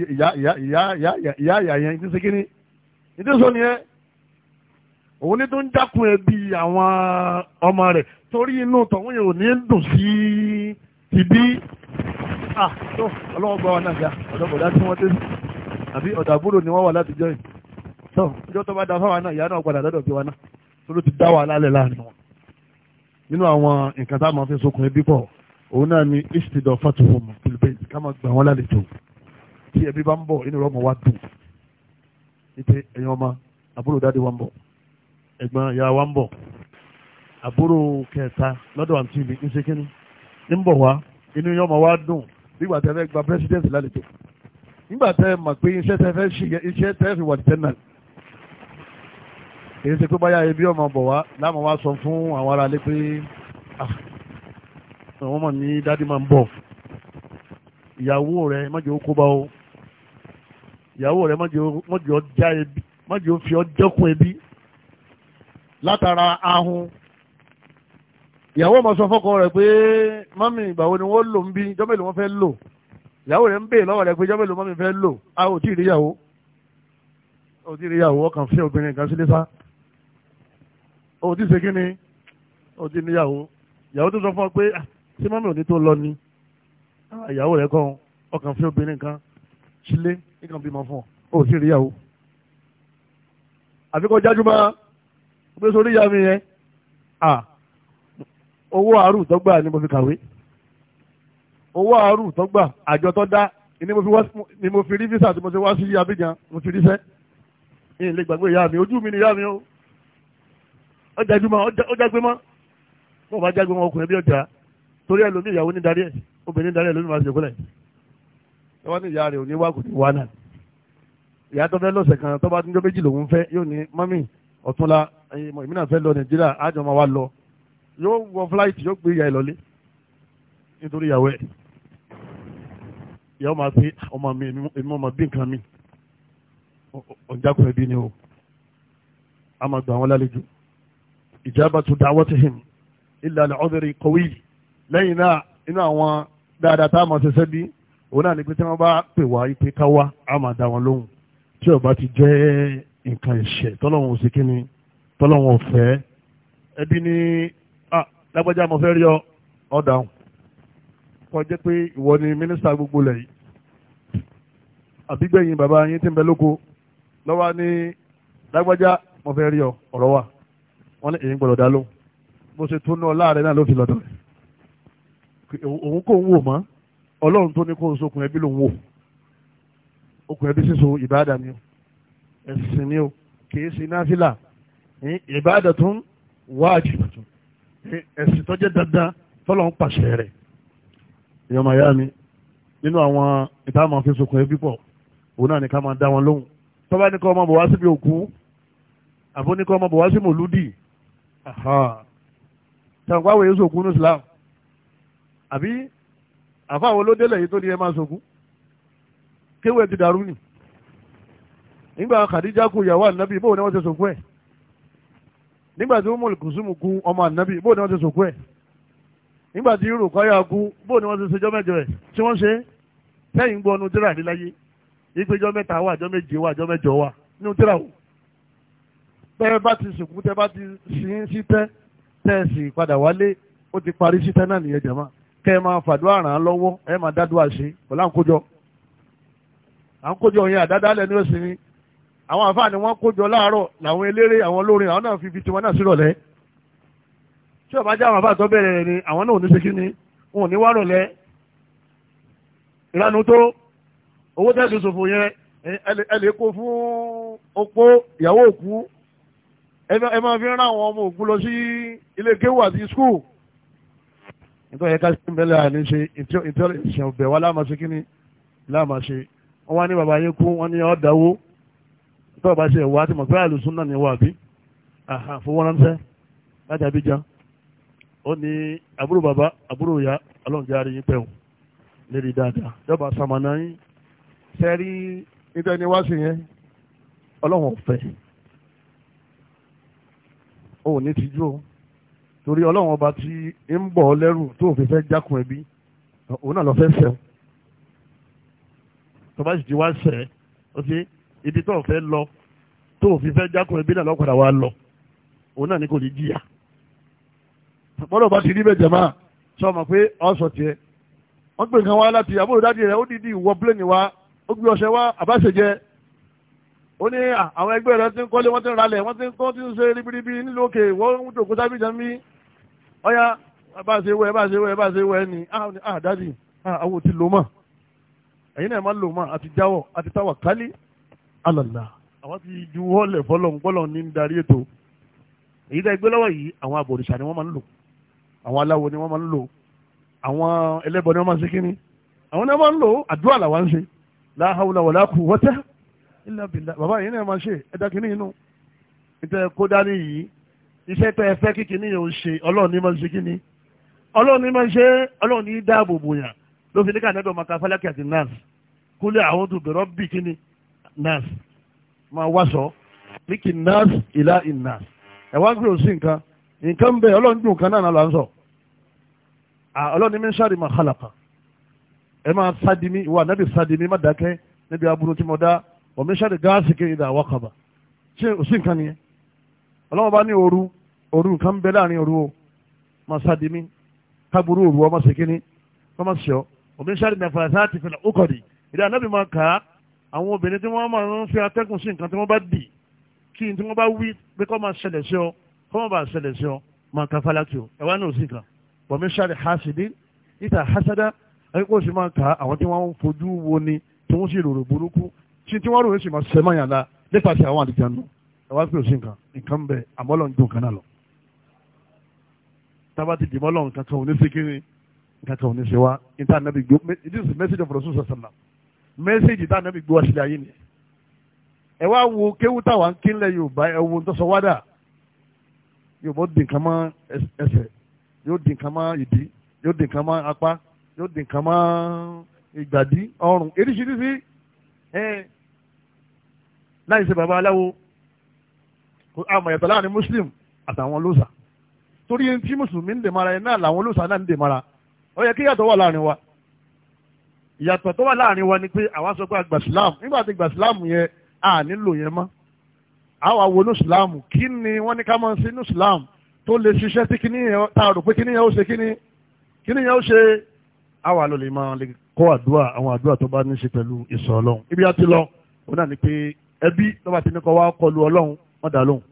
ìyá ìyá ìyá ìyá ìyá ìyá yẹn sọ nìyẹn òun ní tó ń dákun ẹbí àwọn ọmọ rẹ torí inú tọ̀hún yẹn ò ní dùn ah, ló ti dá wàhálà lẹ̀ láàrin wọn nínú àwọn nǹkan tá a máa fi sokùn ẹbí pọ̀ òun náà ni istidọ̀ fatuhum philippines ká máa gbà wọ́n lálejò tí ẹbí bá ń bọ̀ inú ọmọ wa dùn ìpè ẹ̀yin ọmọ àbúrò dáde wa ń bọ̀ ẹ̀gbọ́n ìyá wa ń bọ̀ àbúrò kẹta lọ́dọ̀ àǹtí mi ń ṣe kínní ń bọ̀ wá inú ọmọ wa dùn nígbà tẹ́ fẹ́ gba president lálejò nígbà tẹ́ mọ̀ pé iṣẹ́ tẹ́ fẹ́ ṣe iṣẹ́ tẹ́ fi wà ní tẹ́nà kìí ṣe pé báyà ibi ọmọ bọ̀ wá láàmú wá sọ fún àwọn ará lé pé ah, àwọn ọmọ ní dádì máa ń bọ̀ ìyàwó rẹ má jẹ́ ó kó bá o ìyàwó rẹ má ó fi ọ́ jẹ́kun ebi látara ahun ìyàwó ọmọ sọ fọ́kọ rẹ̀ pé mọ́mì ìgbàwo ni wọ́n lò ń bí jọ́mẹ́lì wọ́n fẹ́ lò ìyàwó rẹ̀ ń bè lọ́wọ́ rẹ̀ pé jọ́mẹ́lì mọ́mì fẹ́ lò a ò tí ì ríyàwó ò tí ì ríyàwó ọkàn fẹ́ obìnrin kan sílé sá òun ti ṣe kí ni òun ti níyàwó ìyàwó tó sọ fún ọ pé ah, ṣé mọ́mí òní tó lọ ni ah, ìyàwó rẹ̀ kàn ọkàn fún obìnrin kan sílé nǹkan bímọ fún ọ ò sì rí ìyàwó. àfikún jájúmọ́ gbé sórí ìyá mi yẹn ah, owó àárù tó gbà ni mo fi kàwé owó àárù tó gbà àjọ tó dá ni mo fi rí físà tí mo ti wá sí Abidjan mo ti rí sẹ́ ní ilé gbàgbé ìyá mi ojú mi ni ìyá mi o ọjà jùmọ̀ ọjà gbé mọ́ wọ́n bá jágbé wọn ọkùnrin bí ọjà torí ẹ lómi ìyàwó ní darí ẹ obìnrin darí ẹ lómi máa ṣèkúlẹ̀ ẹ wá ní ìyá rẹ ò ní wá kò ní wá náà ìyá tó fẹ́ lọ́sẹ̀ kan tó bá tún jọ méjì lòún fẹ́ yóò ní mọ́mì ọ̀túnla èmi náà fẹ́ lọ nàìjíríà àjọ máa wá lọ yóò wọ fúláìtì yóò gbé ìyá ẹ lọlé nítorí ìyàwó ẹ ìyàwó máa fi ọmọ mi èmi ọmọ bí nǹkan mi ọ̀njákùnrin bí ni o a máa gbà wọn lálejò ijabatu da'watihim illa li'udhri qawi lẹ́yìn náà inú àwọn dáadáa tá a máa ṣẹṣẹ́ bí òun náà ní pé tí wọ́n bá pè wá ipe ká wá a máa dá wọn lóhùn tí ó bá ti jẹ́ nǹkan ìṣẹ̀ tọ́lọ́wọ́n ò sí kí tọ́lọ́wọ́n ò fẹ́ ẹbí ni lágbájá mo fẹ́ rí ọ ọ dáhùn kọ́ jẹ́ pé ìwọ ni mínísítà gbogbo lẹ̀ yìí àbígbẹ̀yìn bàbá yín ti ń bẹ lóko lọ́wọ́ ní lágbájá mo fẹ́ rí ọ ọ̀rọ̀ wà wọ́n ní èyí gbọ́dọ̀ dá lóhùn bó ṣe tó ná láàrẹ náà ló fi lọ́dọ̀ rẹ̀ òun kò ń wò mọ́ ọlọ́run tó ní kó o sókun ẹbí lòun wò okùn ẹbí sísun ìbáàdà ni o ẹ̀sìn ni o kìí ṣe náfìlà ìbáàdà tó ń wá àjùmọ̀ tó ẹ̀sìn tó jẹ́ dandan tọ́lọ̀ ń pàṣẹ rẹ̀ ìyọmọ ìyá mi nínú àwọn ìtààmà fi sókun ẹbí pọ̀ òun náà ní ká máa dá wọn lóhùn tọ́ba ní kọ́ ọmọ bọ̀ wá síbi òkú àbóníkọ́ ọmọ bọ̀ wá sí mòlúdì tẹ̀wọ́n pàwọ̀ yóò sòkú ní Islam àbí àfáwọn olódélẹ̀ yìí tó ní ẹ máa sòkú kéwẹ̀ ti dàrú nì nígbà Khadija kú ìyàwó ànábì bóun ni wọ́n ti sòkú ẹ̀ nígbà tí Ummul Kusum kú ọmọ ànábì bóun ni wọ́n ti sòkú ẹ̀ nígbà tí Rukaya kú bóun ni wọ́n ti ṣèjọ́ mẹ́jọ ẹ̀ tí wọ́n ṣe sẹ́yìn gbọ́ ọnu tíra àdíláyé ìpéjọ́ mẹ́ta wà àjọ méje wà àjọ mẹ́jọ wà nínú tíra wò bẹ́ẹ̀ bá ti sìnkú tẹ́ bá ti sin sítẹ́ tẹ́ ẹ sì padà wálé ó ti parí sítẹ́ náà nìyẹn jàmá kẹ́ ẹ máa fàdúrà ràn án lọ́wọ́ ẹ máa dádúrà ṣe pẹ̀lú àǹkójọ àǹkójọ yẹn àdádálẹ̀ ni ó sì àwọn àfáà ni wọ́n kójọ láàárọ̀ làwọn eléré àwọn olórin àwọn náà fi fi tiwọn náà sírọ̀lẹ́ tí ọba jẹ́ àwọn àfáà tó bẹ̀rẹ̀ ni àwọn náà ò ní ṣe ni wọn ò ní wá rọ̀lẹ́ ìranu tó owó tẹ̀sùn ṣòfò yẹn ẹ lè kó fún opó ìyàwó òkú ẹ máa fi rán àwọn ọmọ òkú lọ sí ilé kéwù àti skul nítorí ẹ̀ka sí ìbẹ̀lẹ̀ àní ṣe ìtẹ́lẹ̀ṣẹ̀ ọ̀bẹ̀ wa láàmà ṣe kíní láàmà ṣe wọ́n wá ní bàbá yín kú wọ́n ní ọ̀dàwó tó bàbá ṣe ẹ̀wà àti mọ̀pẹ́ àlùsùn náà ní wà bí àfọwọ́ránṣẹ́ láti Abidjan ó ní àbúrò bàbá àbúrò ìyá ọlọ́njáre yín pẹ̀wọ̀n lérí dáadáa jọba sàmànà yín sẹ́rí nítorí wá sí yẹn ọlọ́run ọ̀fẹ́ ò ní tijú o torí ọlọ́run ọba tí ń bọ̀ ọ́ lẹ́rù tó fi fẹ́ jákun ẹbí òun náà lọ fẹ́ fẹ́ o tó bá sì ti wá sẹ̀ ó ti ibi tó fẹ́ lọ tó fi fẹ́ jákun ẹbí náà lọ́kọ̀dà wa lọ òun náà ní kò ní jìyà bọ́dọ̀ bá ti rí bẹ́ẹ̀ jẹ̀má sọ ma pé ọ̀sọ̀ tiẹ̀ wọ́n gbé nǹkan wá láti àbúrò dáàdì rẹ̀ ó dìdí ìwọ pléènì wa ó gbé ọṣẹ wá àbáṣejẹ ó ní ah, àwọn ẹgbẹ́ rẹ̀ ti ń kọ́lé wọ́n ti ń ralẹ̀ wọ́n ti ń kọ́ ti ń ṣe ribiribi nílùú òkè wọ́n ń jòkó sábì jẹun bí ọ̀yà bá ṣe wẹ̀ bá ṣe wẹ̀ bá ṣe wẹ̀ ni ah dadi àwọn ò ti lò mọ́ ẹ̀yin náà máa lò mọ́ àti jáwọ́ àti táwà kálí alàlà àwọn ti ju wọ́ọ̀lẹ̀ fọlọ́n fọlọ́n ní darí ètò èyí tẹ́ gbé lọ́wọ́ yìí àwọn abòrìṣà ni wọ́n máa ń lò àwọn aláwo ni wọ́n máa ń lò àwọn ẹlẹ́bọ ni wọ́n máa ń ṣe kínní àwọn náà máa ń lò àdúrà làwọn ń ṣe la hawla wala quwwata ilẹ̀ bìlá bàbá yìí náà máa ṣe ẹ̀dá kìíní inú ìtẹ́ kó dání yìí iṣẹ́ tẹ́ ẹ fẹ́ kí kìíní yẹn ò ṣe ọlọ́run ní máa ṣe kíní ọlọ́run ní máa ṣe ọlọ́run ní dáàbò bòyàn ló fi ní ká nẹ́bẹ̀ máa ka fálákì àti nurse kúlẹ̀ àwọn tó bẹ̀rọ̀ bí kíní nurse máa wá sọ ní kì nurse ìlà ìnà ẹ̀wá ń pè ó sí nǹkan nǹkan ń bẹ ọlọ́run dùn kan náà là sọ ọlọ́run ní mi ń ṣàrìmọ̀ kálàkà ẹ wọ́n mi ṣáàdì gáàsì kí ìdá wákàbà ṣé o sì nǹkan nìyẹn ọlọ́wọ́n bá ní òru òru nǹkan ń bẹ láàrin òru o máa ṣáàdì mí kábúrú òru ọmọ ṣe kíní kọ́mọ ṣe ọ́ wọ́n mi ṣáàdì nàfàlà sáà ti fìlà ókọ̀dì ìdá anábì máa kà á àwọn obìnrin tí wọ́n máa ń fi atẹ́kùn sí nǹkan tí wọ́n bá dì kí n tí wọ́n bá wí pé kọ́ máa ṣẹlẹ̀ sí ọ kọ́ máa bá ṣẹlẹ̀ sí ọ máa ka falaki o ẹ̀wá náà sì kà wọ́n mi ṣáàdì hasidin ìta hasada ẹ̀kọ́ sì máa kà àwọn tí wọ́n fojú wo ni tí wọ́n sì rò rò burúkú tí tí wọ́n rò ó sì máa sẹ́mọ́ yàn la nípasẹ̀ àwọn àdìjánu ẹ wá pè ó sí nǹkan nǹkan bẹ àmọ́lọ́ ń dùn kan náà lọ. tába ti dìbò lọ́wọ́ nǹkan kan ò ní ṣe kiri nǹkan kan ò ní ṣe wá níta nàbí gbó it is message of rasul sasana message tá nàbí gbó wá sílẹ̀ ayé ni. ẹ wá wo kéwú táwa ń kílẹ̀ yorùbá ẹ wo ntọ́sọ wádà yorùbá ó di nǹkan mọ́ ẹsẹ̀ yóò di nǹkan mọ́ ìdí yóò di nǹkan mọ́ apá yóò di nǹkan mọ́ ìgbàdí ọrùn eríṣiríṣi láì ṣe bàbá aláwo àmọ̀ yàtọ̀ láàrin muslim àtàwọn olóòsà torí tí mùsùlùmí ń dèmara ẹ̀ náà làwọn olóòsà náà ń dèmara ó yẹ kí yàtọ̀ wà láàrin wa ìyàtọ̀ tó wà láàrin wa ni pé àwa sọ pé àgbà islam nígbà tí gbà islam yẹn a nílò yẹn mọ́ àwa wo ní islam kí ni wọ́n ní ká máa ń ṣe ní islam tó lè ṣiṣẹ́ tí kí ni yẹn tá a rò pé kí yẹn ó ṣe kí ni yẹn ó ṣe àwa ló lè máa lè kọ́ àdúrà àwọn àdúrà tó bá ní í ṣe pẹ̀lú ìsọ̀ ọlọ́run ibi àti lọ ó náà ni pé ẹbí lọ́ba tí ní kọ́ wá kọlu ọlọ́run wọ́n dà lóhùn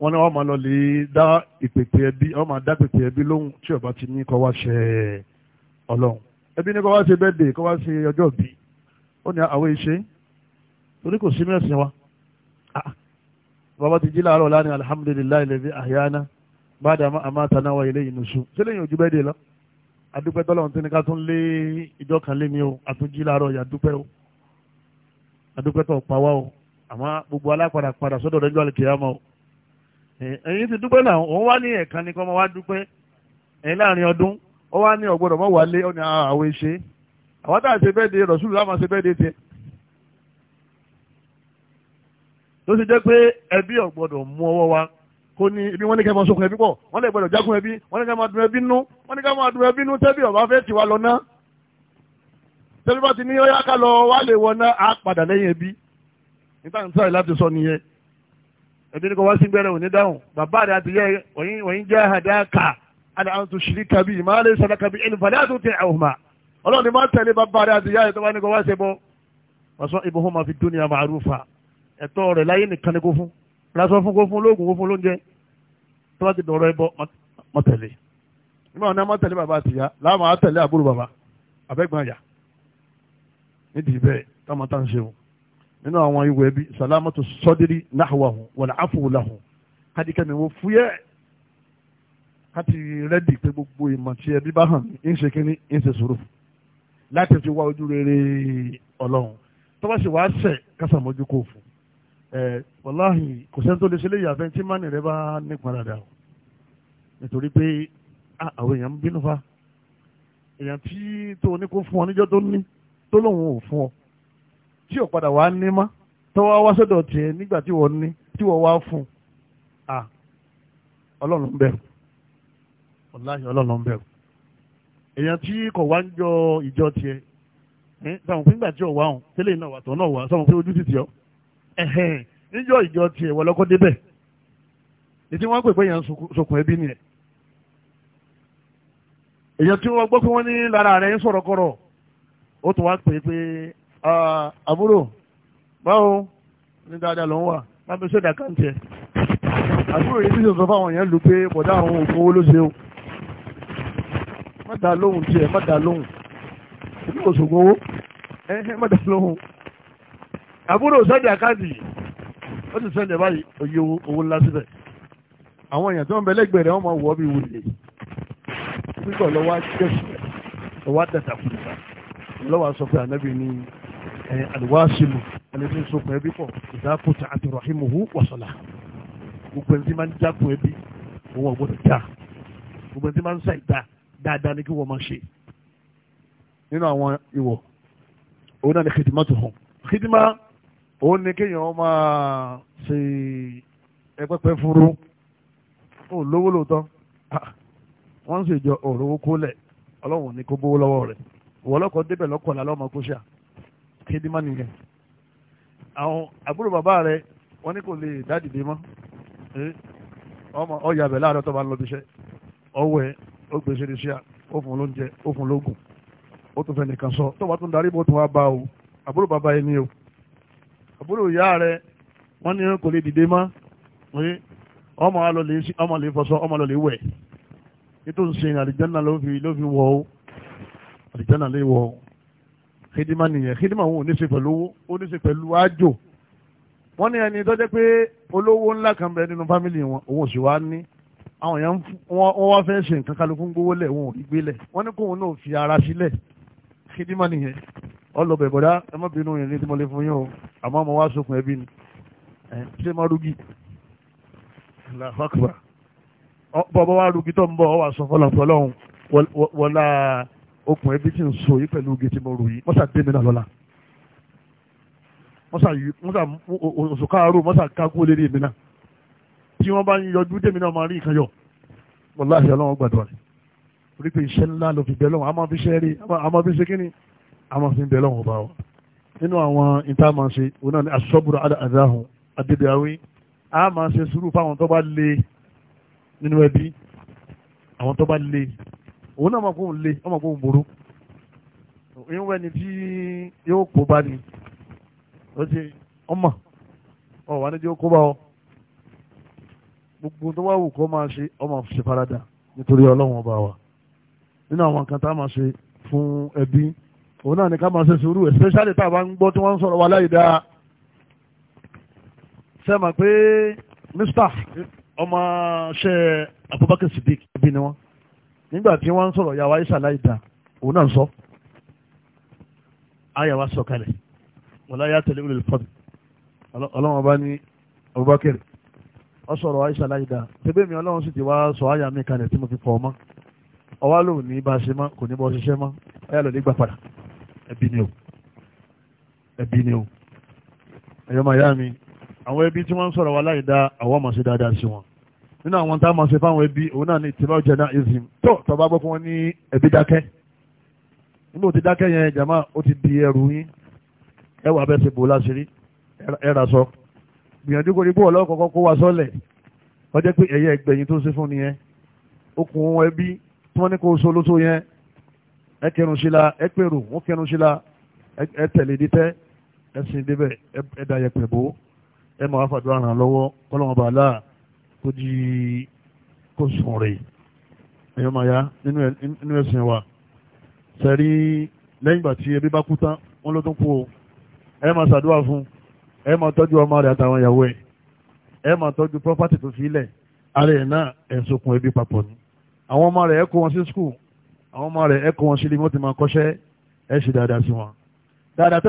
wọ́n ní wọ́n máa lọ lè dá ìpèpè ẹbí wọ́n máa dá pèpè ẹbí lóhùn tí ọba ti ní kọ́ wá ṣe ọlọ́run ẹbí ní kọ́ wá ṣe bẹ́ẹ̀dẹ̀ kọ́ wá ṣe ọjọ́ bí ó ní àwọn ìṣe torí kò sí mẹ́sìn wa ah, bàbá ti jí láàárọ̀ lánàá alhamdulilayi lẹ́bi àyáná bàdà àmàtàná wa ilé ìnusù sílẹ̀ yìí ò lọ adúpẹ́ tọ́lọ́run tún lé ìjọ kan lé mi o àtúnjí láàárọ̀ yà dúpẹ́ o adúpẹ́tọ̀ pa wá o àmọ́ gbogbo alápadà padà sọ́dọ̀ ọ̀dọ́jọ́ àlùkìyàmọ́ o ẹ̀yin ti dúpẹ́ náà òun wá ní ẹ̀kan ní kọ́ ọmọ wá dúpẹ́ ẹ̀yin láàrin ọdún ó wá ní ọ̀gbọ́dọ̀ mọ́ wálé ó ní àwọn ìṣe àwọn táà ṣe bẹ́ẹ̀ de rọ̀ṣùlù láwọn ṣe bẹ́ẹ̀ de tiẹ̀ ló ṣe jẹ́ pé ẹbí ọ̀gbọ́dọ̀ mú ọwọ́ wa kó ní ibi wọ́n ní kẹ́ máa sọkùn ẹbí pọ̀ wọ́n lè gbọ́dọ̀ jákun ẹbí wọ́n ní kẹ́ máa dùn ẹbí nú wọ́n ní kẹ́ máa dùn ẹbí nú tẹ́bí ọ̀bá fẹ́ tiwa lọ náà tẹ́lẹ̀ bá ti ní ọyá ká lọ wá lè wọ náà á padà lẹ́yìn ẹbí níta ń sáré láti sọ nìyẹn ẹbí ní kò wá sí gbẹrẹ òní dáhùn bàbá rẹ àti yẹ òyìn òyìn jẹ àdáka àti àwọn tó ṣìlí kabi ìmọ̀ alẹ́ sọ̀rọ̀ kabi ẹni fàdé àti òtí àwọn ọmọ ọlọ́run ni máa tẹ̀lé bàbá rẹ àti yẹ ẹ̀tọ́ bá ní kò wá sí bọ́ wọ́n sọ ibùhùn fi dunya ma'rufa ẹ̀tọ́ rẹ̀ láyé nìkan ni kò fún lásán fún kó fún lóògùn kó fún lóúnjẹ tó bá ti dọ̀rọ̀ ẹbọ mọ́tẹ̀lé nígbà wọn ni a máa tẹ̀lé bàbá àti ìyá láwọn máa tẹ̀lé àbúrò bàbá àbẹ́gbọ̀n àyà nídìí bẹ́ẹ̀ táwọn tá ń ṣe o nínú àwọn ìwé ẹbí salamatu sọdiri nahwahu wàlá afulahu kádìkẹ́mi wo fúyẹ́ káti rẹ́dì pé gbogbo ìmọ̀ tí ẹbí bá hàn ń ṣe kínní ń ṣe sùúrù láti fi wá ojú rere ọlọ́run tó bá sì wá sẹ̀ kásà mójú kò fún ẹ wàláhì kò sẹ́ni tó lè ṣe léyìí àfẹ́ntí mánì rẹ bá nípa dáadáa o nítorí pé àwọn èèyàn ń bínú fa èèyàn tí tó ní kó fún ọ níjọ́ tó ní tó lóun ò fún ọ tí ò padà wàá ní mọ́ tó wá wá sọ́dọ̀ tiẹ̀ nígbà tí wọ́n ní tí wọ́n wá fún à ọlọ́run ń bẹ̀rù ọláyé ọlọ́run ń bẹ̀rù èèyàn tí kò wá ń jọ ìjọ tiẹ̀ sọ̀rọ̀ pé nígbà tí ò wá hàn tẹ́lẹ̀ náà wà tó náà wà sọ̀rọ̀ pé ojú ti tiọ́ ẹ̀hẹ̀n níjọ́ ìjọ tiẹ̀ wọ́n lọ́kọ́ débẹ̀ ètí wọ́n pè pé èèyàn sokùn ẹbí nìyẹn èèyàn tí wọ́n gbọ́ pé wọ́n ní lára rẹ̀ ń sọ̀rọ̀ kọ̀rọ̀ ó tún wá pè é pé àbúrò báwo ní dáadáa ló ń wà má fi ṣèdá káńtì ẹ̀ àbúrò yìí sísè sọ fáwọn èèyàn lù pé bọ̀dá àwọn òfin owó ló ṣe o má dá lóhùn tiẹ̀ má dá lóhùn èmi kò sògùn owó ẹ má dá lóhùn àbúrò sẹ́dí àkáǹtì yìí ó ti sẹ́dí báyìí oyè owó ńlá síbẹ̀ àwọn èèyàn tó ń bẹ lẹ́gbẹ̀ẹ́ rẹ̀ wọ́n máa wọ̀ ọ́ bí wulè pípọ̀ lọ́wọ́ á jẹ́ sílẹ̀ lọ́wọ́ á dàtà kùnìkan lọ́wọ́ sọ fún ànábì ní àlùwáṣìlù ẹlẹ́sìn sọpọ̀ ẹbí pọ̀ ìdákùtà àti rahimuhu wàsàlà gbogbo ẹni tí máa ń dákun ẹbí òun ọ̀gbọ́dọ̀ dá gbogbo ẹni tí máa ń ṣàìdá dáadáa ní kí wọ́n máa ṣe nínú àwọn ìwọ̀ òun náà ni kìdìmá tó hàn kìdìmá òun ni kéèyàn máa ṣe ẹgbẹ́pẹ́ fúru ó lówó lóòótọ́ ah, wọ́n ń ṣèjọ òróró kólẹ̀ ọlọ́run ní kó bówó lọ́wọ́ rẹ̀ ìwọ lọ́kọ̀ débẹ̀ lọ́kọ̀ọ́lá lọ́mọ kó ṣá kéde má nìyẹn àwọn àbúrò bàbá rẹ wọn ní kò lè dádìde mọ́ ọmọ ọyà bẹ̀ láàárọ̀ tó bá ń lọ bíṣẹ́ ọwọ́ ẹ ó gbèsè ní ṣíà ó fún lóúnjẹ ó fún lóògùn ó tún fẹ́ nìkan sọ tó bá tún darí bó tún wá bá o àbúrò bàbá ẹni o àbúrò ìyá rẹ wọn ní kò lè dìde mọ́ ọmọ alọlẹ ọmọ lè fọṣọ ọmọ alọlẹ wẹ̀ nítorí ṣe ìrìn àlìjẹ́ náà ló fi wọ̀ o àlìjánà lè wọ hídímà nìyẹn hídímà wọn ò ní ṣe pẹ̀lú owó ó ní ṣe pẹ̀lú àjò wọ́n ní ẹni tó jẹ́ pé olówó ńlá kan bẹ nínú fámìlì wọn òun ò sì wá ní àwọn èèyàn wọ́n wá fẹ́ ṣe nǹkan kálukú ń gbówó lẹ̀ wọn ò rí gbélẹ̀ wọ́n ní kóun náà fi ara sílẹ̀ hídímà nìyẹn ọlọ́bẹ̀ bọ̀dá ẹ má bínú ìrìn tí mo lè fún yín o àmọ́ mo wá sókun ẹbí ni ṣé má rúgì làfàkùbà bọ́ọ̀ bá wá rúgì tó ń bọ̀ ọ wà sọ fọlọ́n fọlọ́n wọlá okùn ẹbí tí ń so yìí pẹ̀lú oge tí mo rò yìí mọ́sà dé mi náà lọ́la mọ́sà oṣù káàárọ̀ mọ́sà kákó lérí èmi náà tí wọ́n bá ń yọjú dèmi náà máa rí ìkan yọ wàláhì ọlọ́run gbàdúrà rẹ̀ torí pé iṣẹ́ ńlá ló fi bẹ̀ lọ́wọ́ a máa fi ṣẹ́ rí a máa fi ṣe kíni a máa fi bẹ̀ lọ́wọ́ bá wa nínú àwọn ìta máa ṣe òun náà ni asọ́bùrù adáhùn adébíyàwó a máa ṣe sùúrù fáwọn tó bá le nínú ẹbí àwọn tó bá le òun náà mọ̀ pé òun le wọ́n mọ̀ pé òun burú ìwọ ẹni tí yóò kó bá ní ó ti ọmọ ọ̀wà ní tí ó kó bá ọ gbogbo tó wá wù kó máa ṣe ọmọ ṣe farada nítorí ọlọ́run ọba wa nínú àwọn nǹkan tá a máa ṣe fún ẹbí òun náà ni ká máa ṣe sùúrù especially tá a bá ń gbọ́ tí wọ́n ń sọ̀rọ̀ wa láì dáa sẹ́mà pé mr ọmọ ṣe Abubakar Siddiq ẹbí ni wọ́n nígbà tí wọ́n ń sọ̀rọ̀ yàwá ìṣàlá ìdá òun náà sọ ayàwá sọ̀kalẹ̀ wọ́n láyà tẹ̀lé olè fọ́dù ọlọ́wọ́n bá ní Abubakar ọ sọ̀rọ̀ ìṣàlá ìdá tẹ́gbẹ́ mi ọlọ́run sì ti wá sọ ayà mi kalẹ̀ tí mo fi fọ́ ọmọ ọwá lòun ní bá a ṣe mọ́ kò ní bọ́ ṣiṣẹ́ mọ́ ayà lòdì gbà padà ẹbí ni o ẹbí ni o ẹ̀yọ́ màyá mi àwọn ẹbí tí wọ́n ń sọ̀rọ̀ wa láì dá àwọn ọmọ sí dáadáa sí wọn nínú àwọn tá a máa ṣe fáwọn ẹbí òun náà ní ìtìlọ́ jẹnáísìm tó tọba gbọ́ fún wọn ní ẹbí dákẹ́ nígbà tí dákẹ́ yẹn jàmá ó ti di ẹrù yín ẹwà bẹ́ẹ̀ ṣe bò láṣìírí ẹ̀rà sọ gbìyànjú kò ní bó ọlọ́wọ́ kọ́kọ́ kó wa sọ́lẹ̀ wọ́n jẹ́ pé ẹ̀yẹ ẹgbẹ̀yìn tó ṣe fún ni yẹn okùn ohun ẹbí tí wọ́n ní kó so lóso yẹn ẹ kẹrun sí la ẹ pèrò wọ́n kẹrun sí la ẹ tẹ̀lé dítẹ́ ẹ sìn débẹ̀ ẹ dàyẹ̀pẹ̀ bò ẹ máa fàdúrà ràn lọ́wọ́ kọ́lọ́mọba aláà kó jí kó sùn rè ẹ̀yọ́ máa yá nínú ẹ̀sìn wa sẹ́rí lẹ́yìn ìgbà tí ẹbí bá kú tán wọ́n ló tún kú o ẹ máa ṣàdúrà fún ẹ máa tọ́jú ọmọ rẹ̀ àtàwọn ìyàwó ẹ̀ ẹ máa tọ́jú pọ́pátì tó fi ilẹ̀ ara ẹ̀ náà ẹ̀ ń sokùn ẹbí papọ̀ ni àwọn ọmọ rẹ̀ ẹ kó wọn sí skul àwọn ọmọ rẹ̀ ẹ kó wọn sí ilé wọn ti máa kọ́ṣẹ́ ẹ ṣe dáadáa sí wọn dáadáa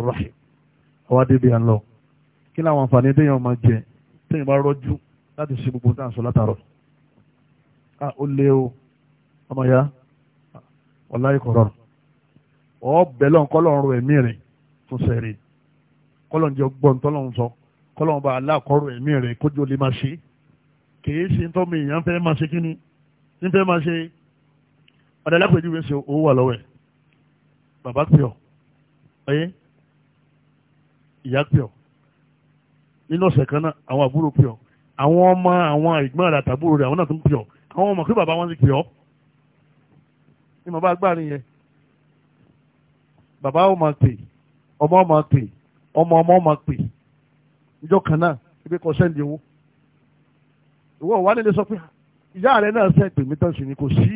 tẹ̀sí ọwá débi à ń lọ kí ni àwọn àǹfààní téèyàn máa jẹ téèyàn bá rọ́jú láti ṣe gbogbo táà ń sọ látàrọ̀ à ah, ó lé o ọmọ ya ọláyé kọ̀rọ̀ ọ bẹ̀ lọ́n kọ́lọ́n ro ẹ̀mí rẹ̀ fún sẹ́rí kọ́lọ́n jẹ́ gbọ́n tọ́lọ́n sọ kọ́lọ́n bá aláàkọ́rọ̀ ẹ̀mí rẹ̀ kójú ó lè máa ṣe kìí ṣe ń tọ́mọ èèyàn fẹ́ máa ṣe kíni ń fẹ́ máa ṣe ọ̀dà lápèjúwe ṣe owó wà lọ́wọ́ ẹ̀ bàbá pè ọ́ ọ̀yẹ́ ìyá pè ọ́ nínú ọ̀sẹ̀ kan náà àwọn àbúrò pè ọ́ àwọn ọmọ àwọn ìgbọ́n rẹ̀ àtàbúrò rẹ̀ àwọn náà tún pè ọ́ àwọn ọmọ pé bàbá wọn ti pè ọ́ ni mo bá gbà nìyẹn bàbá ó máa pè ọmọ ó máa pè ọmọ ọmọ ó máa pè ìjọ kan náà ibi kan sẹ́ndì owó ìwọ wà nílé sọ pé ìyá rẹ náà sẹ́ pè mí tán sí ni kò sí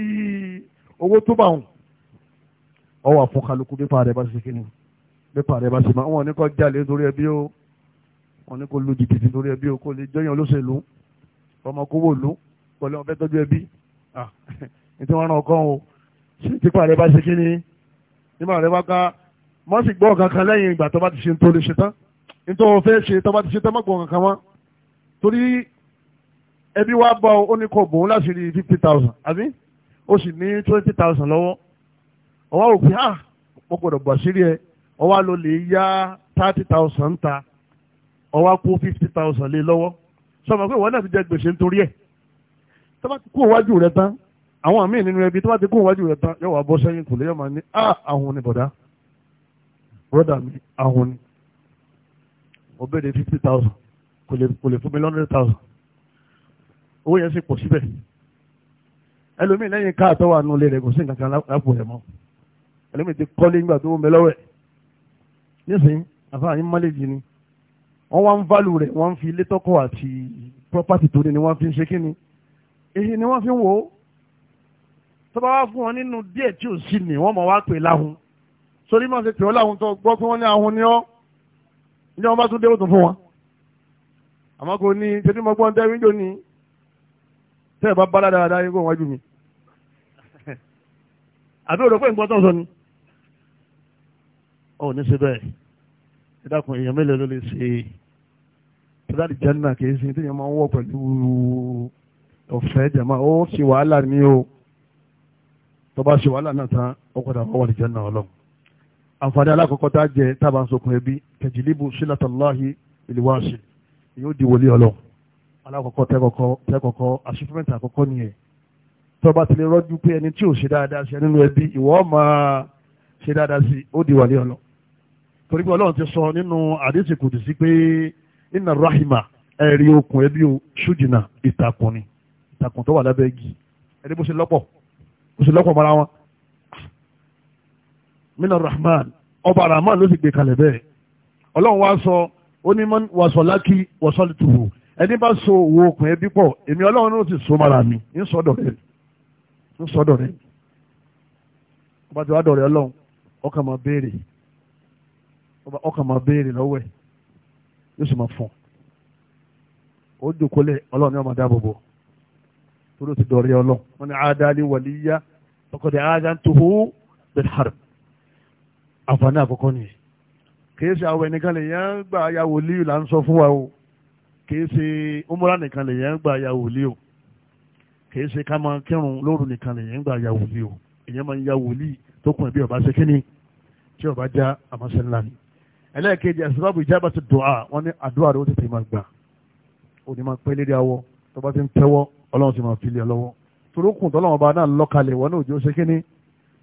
owó tó bá wọn ọwọ́ àfọkàlùkù nípa rẹ̀ bá ṣe kí ni nípa rẹ̀ bá ṣe máa wọn ní kọ́ jalè nítorí ẹbí o wọn ní kó lu jìbìtì nítorí ẹbí o kó lè jọyàn olóṣèlú ọmọ kówó lu pẹ̀lú ọ̀fẹ́ tọ́jú ẹbí ètò ah, wọn ràn kán o nípa rẹ̀ bá ṣe kí ni nípa rẹ̀ bá ká wọ́n sì gbọ́ kankan lẹ́yìn ìgbà tó bá ti ṣe tó lè ṣe tán nítorí wọn fẹ́ ṣe tó bá ti ṣe tán mọ́gbọ́n kankan wọn torí ẹbí wa bá ọ ní kò bòun láti fifty thousand àbí ó sì ní twenty thousand lọ́wọ́ ọwọ́ òfin ah mo gbọ́dọ̀ bọ̀ sírí ẹ ó wá ló lè yá thirty thousand ta ó wá kó fifty thousand lé lọ́wọ́ sọmọ pé ìwọ náà ti jẹ gbèsè nítorí ẹ̀ tó bá ti kó iwájú rẹ̀ tán àwọn míì nínú ẹbí tó bá ti kó iwájú rẹ̀ tán yóò wá bọ́ sẹ́yìn kùlé yóò máa ní ah àwọn ni bọ̀dá bọ́dà mi àwọn ni mo béèrè fifty thousand kò lè kò lè fún mi lọ́nà thousand owó yẹn sì pọ̀ síbẹ̀ ẹlòmíì lẹ́yìn káàtọ́ wà nù lé rẹ̀ kò sí nǹkan kan lápò rẹ̀ mọ́ ẹlòmíì ti kọ́lé nígbà tó ń bẹ lọ́wọ́ ẹ̀ nísìnyí àfáà yín mọ́lẹ́jì ni wọ́n wá ń válù rẹ̀ wọ́n fi ilé tọ́kọ̀ àti property tó ní ni wọ́n fi ń ṣe kí ni èyí ni wọ́n fi ń wò ó tó bá wá fún wọn nínú díẹ̀ tí ò sí ni wọ́n mọ̀ wá pè láhùn sórí máa ṣe pè ọ́ láhùn tó gbọ́ pé wọ́n ní ahun ni ọ́ ní wọ́n bá tún dé ó tún fún wọn àmọ́ kò ní tẹ́tí mọ́ gbọ́n tẹ́rí jò ní tẹ́ẹ̀ bá bá dáadáa yín kó wájú mi àbí òdòpé nǹkan tó ń sọ ni ọ̀ ní ṣe bẹ́ẹ̀ ìdákun èèyàn mélòó ló lè ṣe tọ́láàdì jẹ́nà kìí sin tí èèyàn máa ń wọ̀ pẹ̀lú ọ̀fẹ́ jẹ̀mọ́ ó ṣe wàhálà ní o tó bá ṣe wàhálà náà tán ó padà bọ́ wàlì jẹ́nà ọlọ́run àǹfààní alákọ̀ọ́kọ́ tá a jẹ tábà ń sokun ẹbí kẹjìlíbù sílátàláhì ìlúwàṣì yóò di wòlíì ọlọ́run alákọ̀ọ́kọ́ tẹ́kọ̀ọ́kọ́ aṣífẹ́mẹ́ntì àkọ́kọ́ nìyẹn tó bá ti lè rọ́jú pé ẹni tí ò ṣe dáadáa torí pé ọlọ́run ti sọ nínú àdéhùn kùdì sí pé iná rahima ẹ̀rí okùn ẹbí o ṣùjìnà ìtàkùn ni ìtàkùn tó wà lábẹ́ igi ẹni bó ṣe lọ́pọ̀ bó ṣe lọ́pọ̀ mọ́ra wọn. mina rahman ọba rahman ló sì gbé kalẹ̀ bẹ́ẹ̀ ọlọ́run wá sọ onímọ̀ wàsọ̀ lákì wàsọ̀ lùtùwò ẹni bá so òwò okùn ẹbí pọ̀ èmi ọlọ́run ló ti so mara mi ń sọ́dọ̀ rẹ̀ ń sọ́dọ̀ rẹ̀ ọba tí wàá dọ̀rẹ̀ ọlọ́run ọkàn máa béèrè ọkàn máa béèrè lọ́wọ́ ẹ̀ yóò sì máa fún ó dòkólẹ̀ ọlọ́run ní ọmọ dáàbò bò tó ló ti dọ̀rẹ́ ọlọ́run wọn ni àádáálé wàlíyá ọkọ̀dé àádá tó hó bẹ́ẹ̀ hàrù àǹfààní àkọ́kọ́ nìyẹn kìí ṣe àwọn ẹnìkan lè yẹn ń gbà ya wòlíì là ń sọ fún wa o kìí ṣe umra nìkan lè yẹn ń gbà ya wòlíì o kírun lóru nìkan lè yẹn ń gbà ya wòlíì máa ń ya wòlíì tó kún ẹbí ọba ṣe kíni tí ọba já àmọ́ṣe ńlá ni ẹlẹ́ẹ̀kejì ẹ̀sìbábù ìjábà ti dùá wọ́n ní àdúrà rẹ̀ ó tètè máa gbà ó ní máa pẹ́ lérí awọ tó bá ti ń tẹ́wọ́ ọlọ́run sì máa fi lé lọ́wọ́ torókùn tọ́lọ́run ọba náà lọ́kalẹ̀ wọ́n náà jẹ́ ó ṣe kíní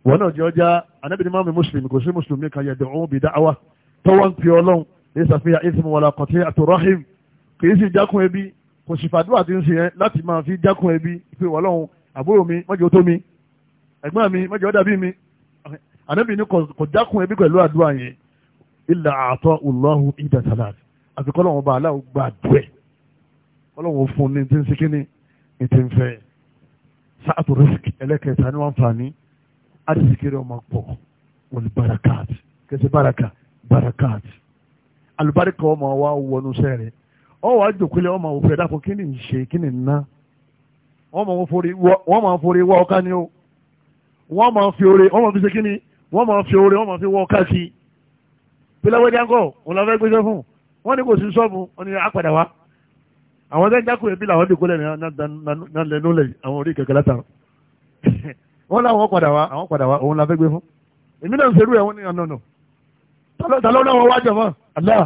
wọ́n náà jẹ́ ọjà anábìrin máa mi mùsùlùmí kò sí mùsùlùmí kan yẹ̀dọ̀ òun bìí dáhàwá tọ́wọ́ ń pe ọlọ́run lè ṣàfihàn ìsìn wọlé àkọ́tí àtòrọ́hìm kì í sì jákun ẹbí kò sì fàdúrà tí ń ṣe yẹn láti máa fi jákun ẹbí pé wọ́lọ́run àbúrò mi mọ́jọ́ tó mi ẹ̀gbọ́n mi mọ́jọ́ dàbí mi anábìrin kò jákun ẹbí pẹ̀lú àdúrà yẹn ilà àtọ́ ọlọ́hùn ìdá sàlàyé àti kọ́lọ́wọ́n bá aláwọ̀ gba àdúẹ̀ kọ́lọ́wọ́n fún ní ti ń sikí ní ìtì ń fẹ́ sáàtù rìsíkì ẹlẹ́kẹta ní wọ́n fà ní àdìsíkiri ọmọ pọ̀ wọ́n ní barakat kẹsì baraka barakat alùbáríkà ọmọ wa wọnú sẹ́rẹ̀ ọ wàá jòkúlẹ̀ ọmọ òfin ẹ̀dá kan kí ni ń ṣe kí ni ná wọ́n máa forí wá ọká ni ó wọ́n máa fi oore wọ́n máa fi pílọ́wọ́jà ń kọ́ òun lọ́fẹ́ gbéṣẹ́ fún wọ́n ní kò sí sọ́ọ̀bù wọ́n ní apàdà wa àwọn tẹ́ ń jákùn ẹbí làwọn dìkú lẹ́nu náà lẹ́nu lẹ̀ àwọn orí kẹ̀kẹ́ látara wọ́n láwọn padà wa àwọn padà wa òun la fẹ́ gbé fún èmi náà ń serú ẹ̀ wọ́n ní ọ̀nà ọ̀nà náà wọ́n wá jọ̀ mọ́ Allah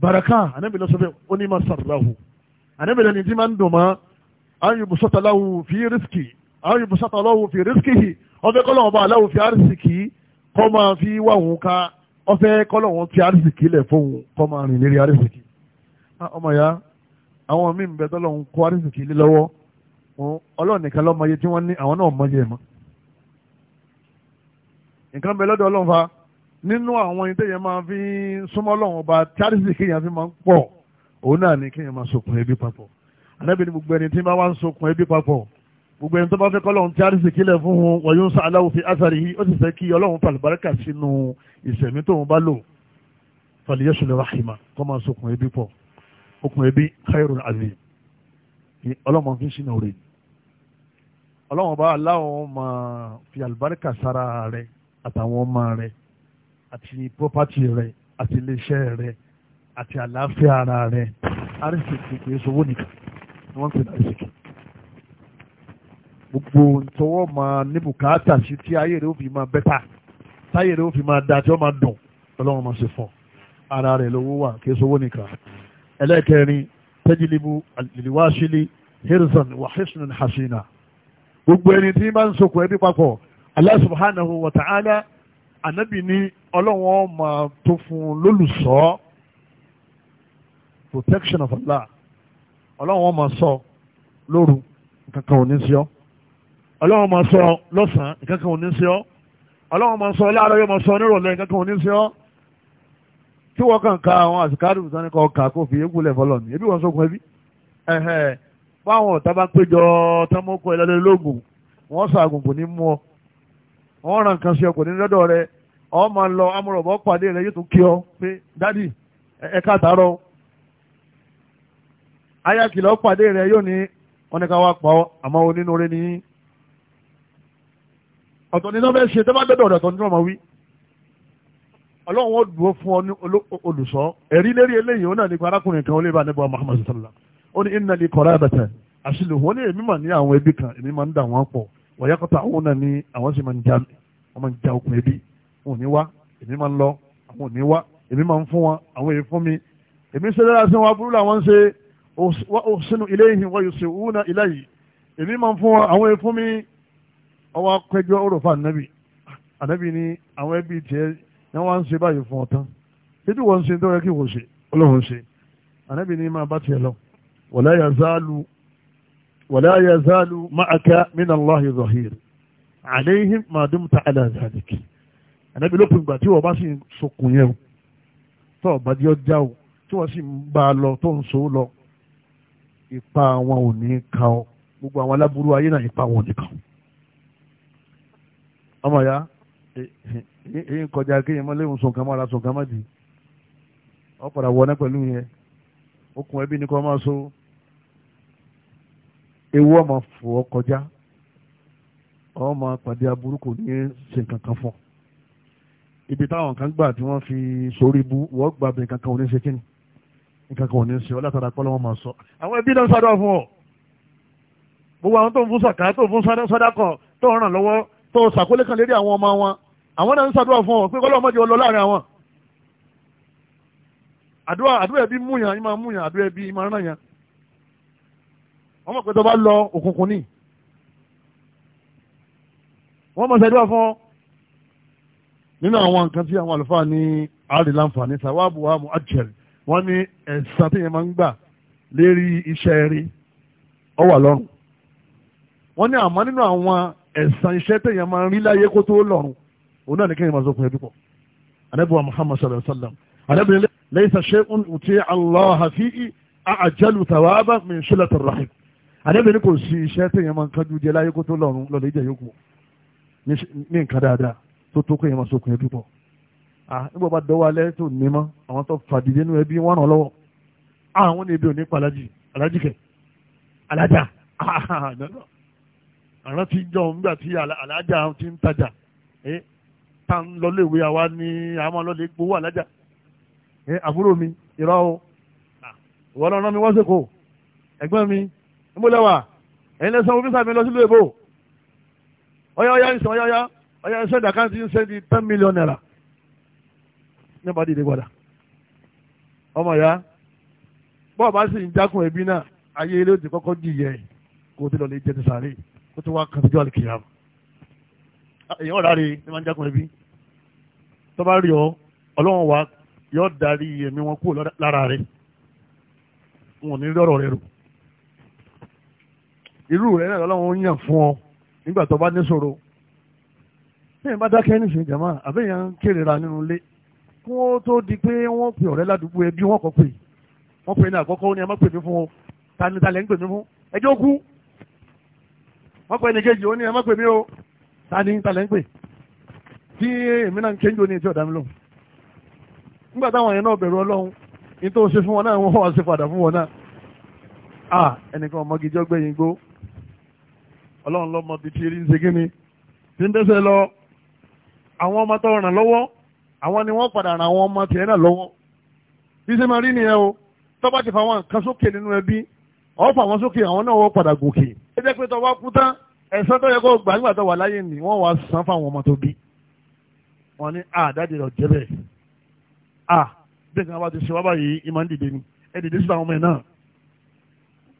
baraka anabi lọ sọ pé ó ní ma sàrọ̀láhù anabi lẹni tí máa ń dùn mọ́ ayùbù sọ́tàláhù fi rísìkì ayùbù sọ́tàláhù fi rísìkì ọ̀fẹ́ kọ́lọ́ ọba aláhù fi rísìkì kọ́ máa fi wá òun ká ọfẹ́ kọ́lọ́hún tí arísìkí lẹ̀ fóun kọ́ máa rìn lérí arísìkí ọmọ ya àwọn míì ń bẹ tọ́lọ́hún kó arísìkí lé lọ́wọ́ ọlọ́run nìkan ló mọye tí wọ́n ní àwọn náà mọye mọ́ nǹkan bẹ lọ́dọ̀ ọlọ́run fa nínú àwọn ìdè yẹn máa fi súnmọ́ ọlọ́run ọba tí arísìkí yẹn fi máa ń pọ̀ òun náà ní kéèyàn máa ni gbogbo ẹni tí bá wá sokùn ẹbí papọ̀ gbogbo ẹni tó bá fẹ́ kọ́ lọ́run tí a rí sì kílẹ̀ fún un wọ́n yóò ń sàláwò fi ásàrí yìí ó sì fẹ́ kí ọlọ́run fàlùbáríkà sínú ìṣẹ̀mí tóun bá lò fàlìyẹ́sùlẹ̀ rahima kọ́ máa so okùn ẹbí pọ̀ okùn ẹbí khairul azim ọlọ́run fi ń ṣìnà rè ọlọ́run bá aláwọ̀ máa fi àlùbáríkà sára rẹ àtàwọn ọmọ rẹ àti pọ́pátì rẹ àti iléeṣẹ́ rẹ àti àlàáfíà ara rẹ arísìkì kì í sowó gbogbo tọwọ́ máa ní bùkátà sí tí ayé rẹ̀ ó fi máa bẹ́tà táyé rẹ̀ ó fi da tí ó máa dùn ọlọ́run máa ṣe fún ara rẹ̀ lówó wà kí sówó nìkan ẹlẹ́kẹrin tẹ́jìlíbu àlìwáṣílì hirzan wa hisnan hasina gbogbo ẹni tí bá ń sokò ẹbí papọ̀ Allah subhanahu wa ta'ala ànábì ní ọlọ́run máa tó fún lólùṣọ́ protection of Allah ọlọ́run máa sọ lóru kankan ò sí ọ́ ọlọ́run máa sọ lọ́sàn-án nǹkan kan ò ní sí ọ́ ọlọ́run máa sọ láàárọ̀ yóò máa sọ nírọ̀lẹ́ nǹkan kan ò ní sí ọ́ tí wọ́n kàn ka àwọn àsìkárù sani kan kà kó fi yékù lẹ̀ fọlọ́ ni ebi wọn sọ kun ẹbí ẹ̀hẹ̀ báwọn ọ̀tá bá péjọ tọ́mọ́kọ ìlọlẹ́ lóògùn wọ́n sàgùn kò ní mú ọ wọ́n ràn kan sí ọ kò ní lọ́dọ̀ rẹ ọ máa lọ amúrọ̀bọ pàdé rẹ yóò kí ọ pé dádì ẹ káàtàárọ̀ ayakìlọ̀ pàdé rẹ yóò ní wọn ní ká wá pa ọ àmọ́ onínúure ní ọ̀tọ̀ ní sọ́fẹ́ ṣe tẹ́fà dọ́dọ̀ ọ̀dọ̀ ní ọmọ wí ọlọ́run ó dúró fún ọ olùsọ ẹ̀rí lérí eléyìí òun náà nípa arákùnrin kan olè bá nípa Muhammad sallallahu ó ní inna li qarabatan àṣìlò wọn ní èmi mà ní àwọn ẹbí kan èmi máa ń dà wọn pọ̀ wa yaqta'una ní àwọn sì máa ń já wọn máa ń já okùn ẹbí òun ní wá èmi máa ń lọ àwọn ò wá èmi máa ń fún wọn àwọn èyí fún mi èmi ṣe dára sí wọn aburú làwọn ń ṣe wọ́n sínú ilayhim wa yusi'una ilayhi èmi máa ń fún wọn àwọn èyí fún mi ọwọ́ pẹ́jọ́ ó rò fún ànábì ànábì ní àwọn ẹbí tiẹ̀ ni wọ́n ń ṣe báyìí fún ọ̀tán títí wọ́n ń ṣe tó yẹ kí wọ́n ṣe ọlọ́run ṣe ànábì ní máa bá tiẹ̀ lọ wala yazalu wala ma'aka min Allahi zahir alayhim ma dumta zalik ànábì lópin ìgbà tí wọ́n bá sì sokùn yẹn o tó ọ̀bá jẹ́ ọjà o tí wọ́n sì ń bá a lọ tó ń so lọ ipa àwọn ò ní ka ọ gbogbo àwọn aláburú ayé náà ipa wọn ò ní ka ọ ọmọ ya èyí ń kọjá kí ìmọ̀ léwu sùn kàmọ́ ara sùn kàmọ́ dì ọ padà wọ náà pẹ̀lú yẹn okùn ẹbí ni kò máa so ewu ọmọ fò ọ kọjá ọmọ pàdé aburú kò ní ṣe kan fún ibi táwọn kan gbà tí wọ́n fi sórí bu wọ́n gbà bẹ̀ nǹkan kan ò ní ṣe kíni nǹkan kan ò ní ṣe ọ látara pọ́lọ́ wọn máa sọ àwọn ẹbí náà sádọ́ fún ọ gbogbo àwọn tó ń fún sàkà tó ń fún sádọ́kọ̀ tó ń ràn lọ́wọ́ tó sàkólé kan lérí àwọn ọmọ wọn àwọn náà ń sàdúrà fún ọ pé kọ́lọ́ ọmọdé ọlọ láàrin àwọn àdúrà àdúrà ẹbí múyàn ìmọ̀ múyàn àdúrà ẹbí ìmọ̀ rán yàn wọ́n mọ̀ pé tó bá lọ òkùnkùn ní wọ́n mọ̀ sàdúrà fún ọ nínú àwọn nǹkan tí àwọn àlùfáà ní àríláǹfààní sàwáàbù wa mu àjẹrì wọ́n ní ẹ̀sán tí yẹn máa ń gbà lérí iṣẹ́ rí ọ wà lọ́rùn wọ́n ní àmọ́ nínú àwọn ẹ̀sán iṣẹ́ tẹ̀yàn máa ń rí láyé kó tó lọ́run òun náà ní kéèyàn máa sọ fún ẹbí pọ̀ anábìwá muhammad sallallahu alayhi wa sallam anábìwá laysa shay'un uti allah fi a'jalu thawaba min shilati rahim anábìwá ní kò sí iṣẹ́ tẹ̀yàn máa ń kájú jẹ láyé kó tó lọ́run lọ́lẹ̀ ìjà yòókù ní nǹkan dáadáa tó tó kéèyàn máa sọ fún ẹbí pọ̀ ah, nígbà bá dọ́wọ́ alẹ́ tó ní mọ́ àwọn tó fàdídé nú ẹbí wọn ràn lọ́wọ́ ah, àwọn ní ibi òní pa alájì alájì kẹ alájà ah, rántí jọ nígbà tí alájà ti ń tajà tá ń lọlé ìwé àwa ní àmọ́ lọ́lé gbowó alájà àbúrò mi ìrọ̀ o ìwọ náà rán mi wọ́n sèkò ẹ̀gbọ́n mi ìmúlẹ̀wà ẹ̀yin lẹ́sàn owó físà mi lọ sílùú èbó ọyá ọyá ìsìn ọyá ọyá ọyá ìsìn ẹ̀dá kan ti ń sẹ́ndí ten million naira nípa dìde padà ọmọ ìyá bọ́ọ̀ bá sì ń jákun ẹbí náà ayé ilé ti kọ́kọ́ dìyẹ kó o ti lọ lè jẹ ti sàárè ó tún wá kan tó jọ àlùkìyà èèyàn ọ̀rá rèé ní máa ń jákun ẹbí tó bá rí ọ ọlọ́run wa yóò darí ẹ̀mí wọn kúrò lára rẹ wọn ò ní rí ọ̀rọ̀ rẹ rò irú rẹ náà ọlọ́run yàn fún ọ nígbà tó bá níṣòro bẹ́ẹ̀ bá dákẹ́ nísìnyí jàmá àbẹ́yàn kéré ra nínú ilé kí wọ́n tó di pé wọ́n pè ọ̀rẹ́ ládùúgbò ẹbí wọ́n kọ́ pè wọ́n pè ní àkọ́kọ́ ní ẹ má pè mí fún o ta ni ta lẹ́ ń pè mí fún ẹjọ́ kú wọ́n pẹ́ ní kejì ó ní o ta ni ta lẹ́ ń pè tí èmi náà ń kéjì ó ní etí ọ̀dà mi na nígbà táwọn yẹn náà bẹ̀rù ọlọ́run ní tó ṣe fún wọn náà wọ́n wá ṣe padà fún wọn náà ẹnìkan gbó ọlọ́run lọ́mọ ti rí ṣe kíni lọ àwọn ọmọ tó ràn lọ́wọ́ ni wọ́n padà ràn àwọn ọmọ tiẹ̀ náà o ti fa àwọn nǹkan sókè nínú ẹbí ọ̀ fà sókè àwọn náà ẹ jẹ́ pé tọ́wọ́ kú tán ẹ̀sán tó yẹ kó gbà nígbà tó wà láyé nì wọ́n wá san fáwọn ọmọ tó bí wọ́n ní à ah, dáàdì rẹ̀ jẹ́ bẹ́ẹ̀ à ah, bí nǹkan bá ti ṣe wá báyìí ìmọ̀ ń dìde ni ẹ dìde sí àwọn ọmọ ẹ̀ náà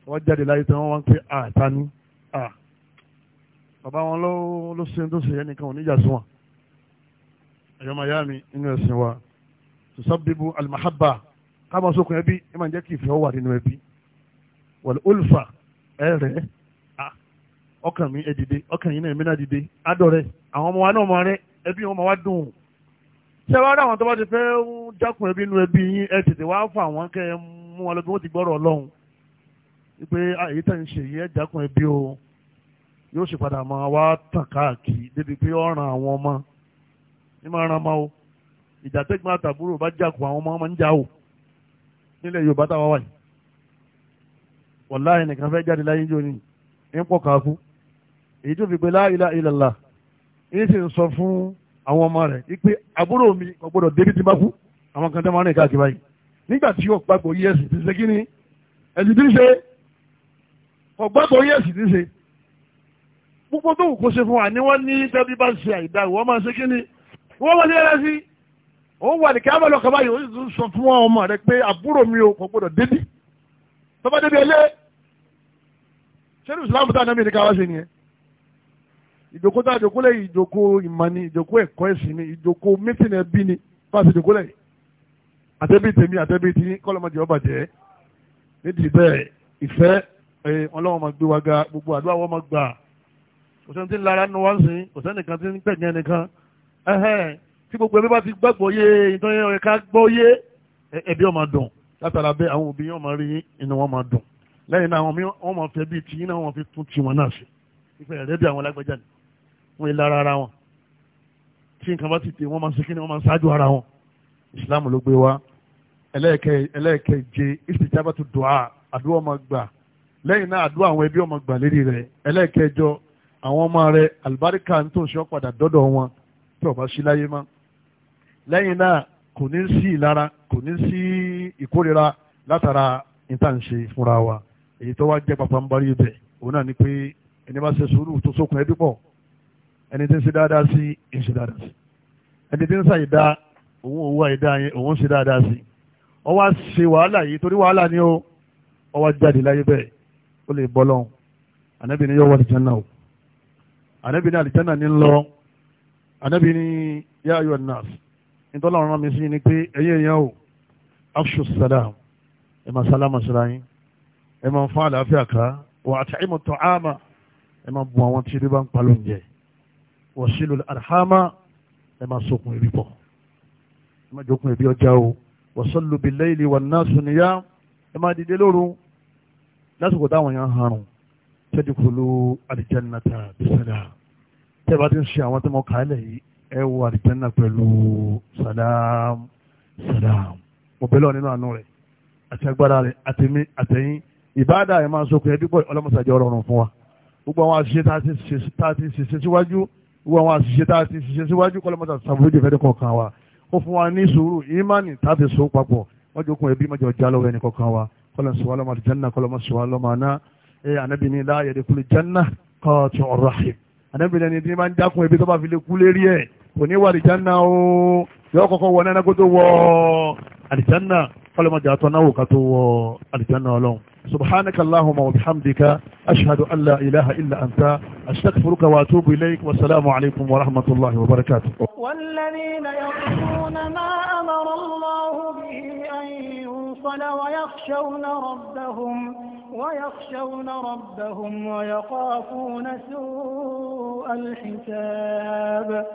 wọ́n jáde láyé tán wọ́n wá ń pè à ah, tani à bàbá wọn ló ló ṣe tó ṣe ẹnìkan ò sí wọn ẹ̀yọ́ màyá mi nínú ẹ̀sìn wa tùsàbíbu alimahabba káàmọ́ sókun ẹbí ẹ máa jẹ́ kí ìfẹ́ wà nínú ẹbí wal ulfa ẹ̀rẹ́ ọkàn mi ẹ dìde ọkàn yìí náà èmi náà dìde adọ̀rẹ́ àwọn ọmọ wa náà mọ rẹ ẹbí wọn mọ wá dùn ṣé wàá rí àwọn tó bá ti fẹ́ jákun ẹbí inú ẹbí yín ẹ tètè wá fún àwọn kẹ́ ẹ mú wọn lọ bí wọ́n ti gbọ́rọ̀ ọlọ́run wípé àyè tẹ̀ ń ṣe yìí ẹ jákun ẹbí o yóò sì padà máa wá tàn káàkiri débi pé ọ̀ràn àwọn ọmọ ní máa ran ọmọ o ìdàtẹ́gbọ́n àtàbúrò bá jákun àwọn ọmọ máa ń já o nílẹ̀ Yorùbá táwa wà yìí wàláhì nìkan fẹ́ jáde láyé jóni ń pọ̀ káàkú èyí tó fi pé la ilaha illallah èyí sì ń sọ fún àwọn ọmọ rẹ̀ wípé àbúrò mi kò gbọdọ̀ débi tí bá kú àwọn kan tẹ́ máa ń rìn káàkiri báyìí nígbà tí yóò gbàgbọ́ yẹ́sì ti ṣe kí ni ẹ̀sì ti ṣe kò gbàgbọ́ yẹ́sì ti ṣe púpọ̀ tó kò ṣe fún wa ni wọ́n ní tẹ́bí bá ṣe àìdá ìwọ́n máa ṣe kí ni wọ́n máa ṣe yẹ́rẹ́ sí òun wà ní kí abẹ́lẹ̀ ọkọ̀ báyìí oṣù sọ fún ọmọ rẹ̀ pé àbúrò mi ò kò gbọdọ̀ débi tọ́ba débi ẹlẹ́ ṣé ní ìsìlámù tá ìjòkó tá a jòkó lẹ̀ ìjòkó ìmọ̀ ni ìjòkó ẹ̀kọ́ ẹ̀sìn ni ìjòkó mítìnì ẹbí ni bá a ti jòkó lẹ̀ àtẹ́bí tèmi àtẹ́bí tí kọ́lọ́mọdé ọba jẹ́ nídìí bẹ́ẹ̀ ìfẹ́ ọlọ́wọ́n máa gbé wa ga gbogbo àdúrà wọn máa gbà kò sẹ́ni tí ń lara nu wá ń sìn kò sẹ́ni kan tí ń pẹ̀gẹ́ nìkan tí gbogbo ẹbí bá ti gbàgbọ́ yé ìtàn yẹn gbọ́ yé ẹbí ọmọ wọ́n yìí lára ara wọn tí nǹkan bá ti tè wọ́n máa ń ṣe kíni wọ́n máa ṣáájú ara wọn islam ló gbé wa ẹlẹ́ẹ̀kẹ́je istijabatu du'a àdúrà máa gbà lẹ́yìn náà àdúrà àwọn ẹbí ọmọ gbà lérí rẹ̀ ẹlẹ́ẹ̀kẹjọ àwọn ọmọ rẹ̀ àlùbáríkà ń tó ń ṣe padà dọ́dọ̀ wọn tí ọba sí láyé mọ́ lẹ́yìn náà kò ní sí ìlara kò ní sí ìkórira látara ìtànṣe fúnra wa èyí tó wá jẹ́ pàpà ń bari ibẹ̀ òun náà ni pé ẹni bá ṣe sùúrù tó sókun ẹbí ẹni tí ń ṣe dáadáa sí ń ṣe dáadáa sí ẹni tí ń ṣàyẹ̀dá òun òwú àyẹ̀dá yẹn òun ń ṣe dáadáa sí ó wá ṣe wàhálà yìí torí wàhálà ni ó ó wá jáde láyé bẹ́ẹ̀ ó lè bọ́ lọ́hùn ànábì ni yóò wọ àlìjánná o ànábì ni àlìjánná ni ń lọ ànábì ni yá ayọ̀ nàás nítorí ọ̀rọ̀ mi sí ni pé ẹ̀yin èèyàn o afṣu salam ẹ máa sálámà síra yín ẹ máa fún àlàáfíà ká wà á tẹ́ ẹ máa tọ́ àmà ẹ máa bu àwọn tí ebi bá ń pa lóúnjẹ wọ̀sílù àrhámà ẹ máa sokùn ẹbí pọ̀ ẹ máa jókun ẹbí ọjà o wọ̀sọ́lù bìlẹ̀ ìlì wà náà sùnìyà ẹ máa dìde lóru lásìkò táwọn èèyàn harùn tẹ́dìkúlù àlìjẹ́nàtà bísàlá tẹ́ bá ti ń ṣe àwọn tó mọ kàálẹ̀ yìí ẹ wọ àlìjẹ́nà pẹ̀lú sàlám sàlám mo bẹ́lọ̀ nínú àánú rẹ̀ àti agbára rẹ̀ àtẹ̀mí àtẹ̀yìn ìbáàdà ẹ̀ máa sokùn ẹbí pọ̀ ọlọ́mọsàjọ́ wọ àwọn àṣìṣe tá a ti ṣiṣẹ́ síwájú kọ́lọ́mọ́tà sàbójú ìfẹ́ kọ̀ọ̀kan wa ó fún wa ní sùúrù ìmánì tàbí so papọ̀ wọ́n jókòó ẹbí mọ́jọ já lọ́wọ́ ẹnì kọ̀ọ̀kan wa kọ́lọ́ sọ wàlọ́mọ àlìjánná kọ́lọ́mọ sọ wàlọ́mọ àná ẹ ànábì ní láàyè de kúlẹ̀ jánná kọ́ọ̀tù ọ̀rọ̀hìm ànábì ní ẹni máa ń jákun ẹbí tó bá fi lè kú lérí o yọ kọ́kọ́ wọ náà kó tó wọ àlìjánná kọ́lọ́mọ jà tọ́ náà wò سبحانك اللهم وبحمدك أشهد أن لا إله إلا أنت أستغفرك وأتوب إليك والسلام عليكم ورحمة الله وبركاته والذين يقولون ما أمر الله به أن يوصل ويخشون ربهم ويخشون ربهم ويخافون سوء الحساب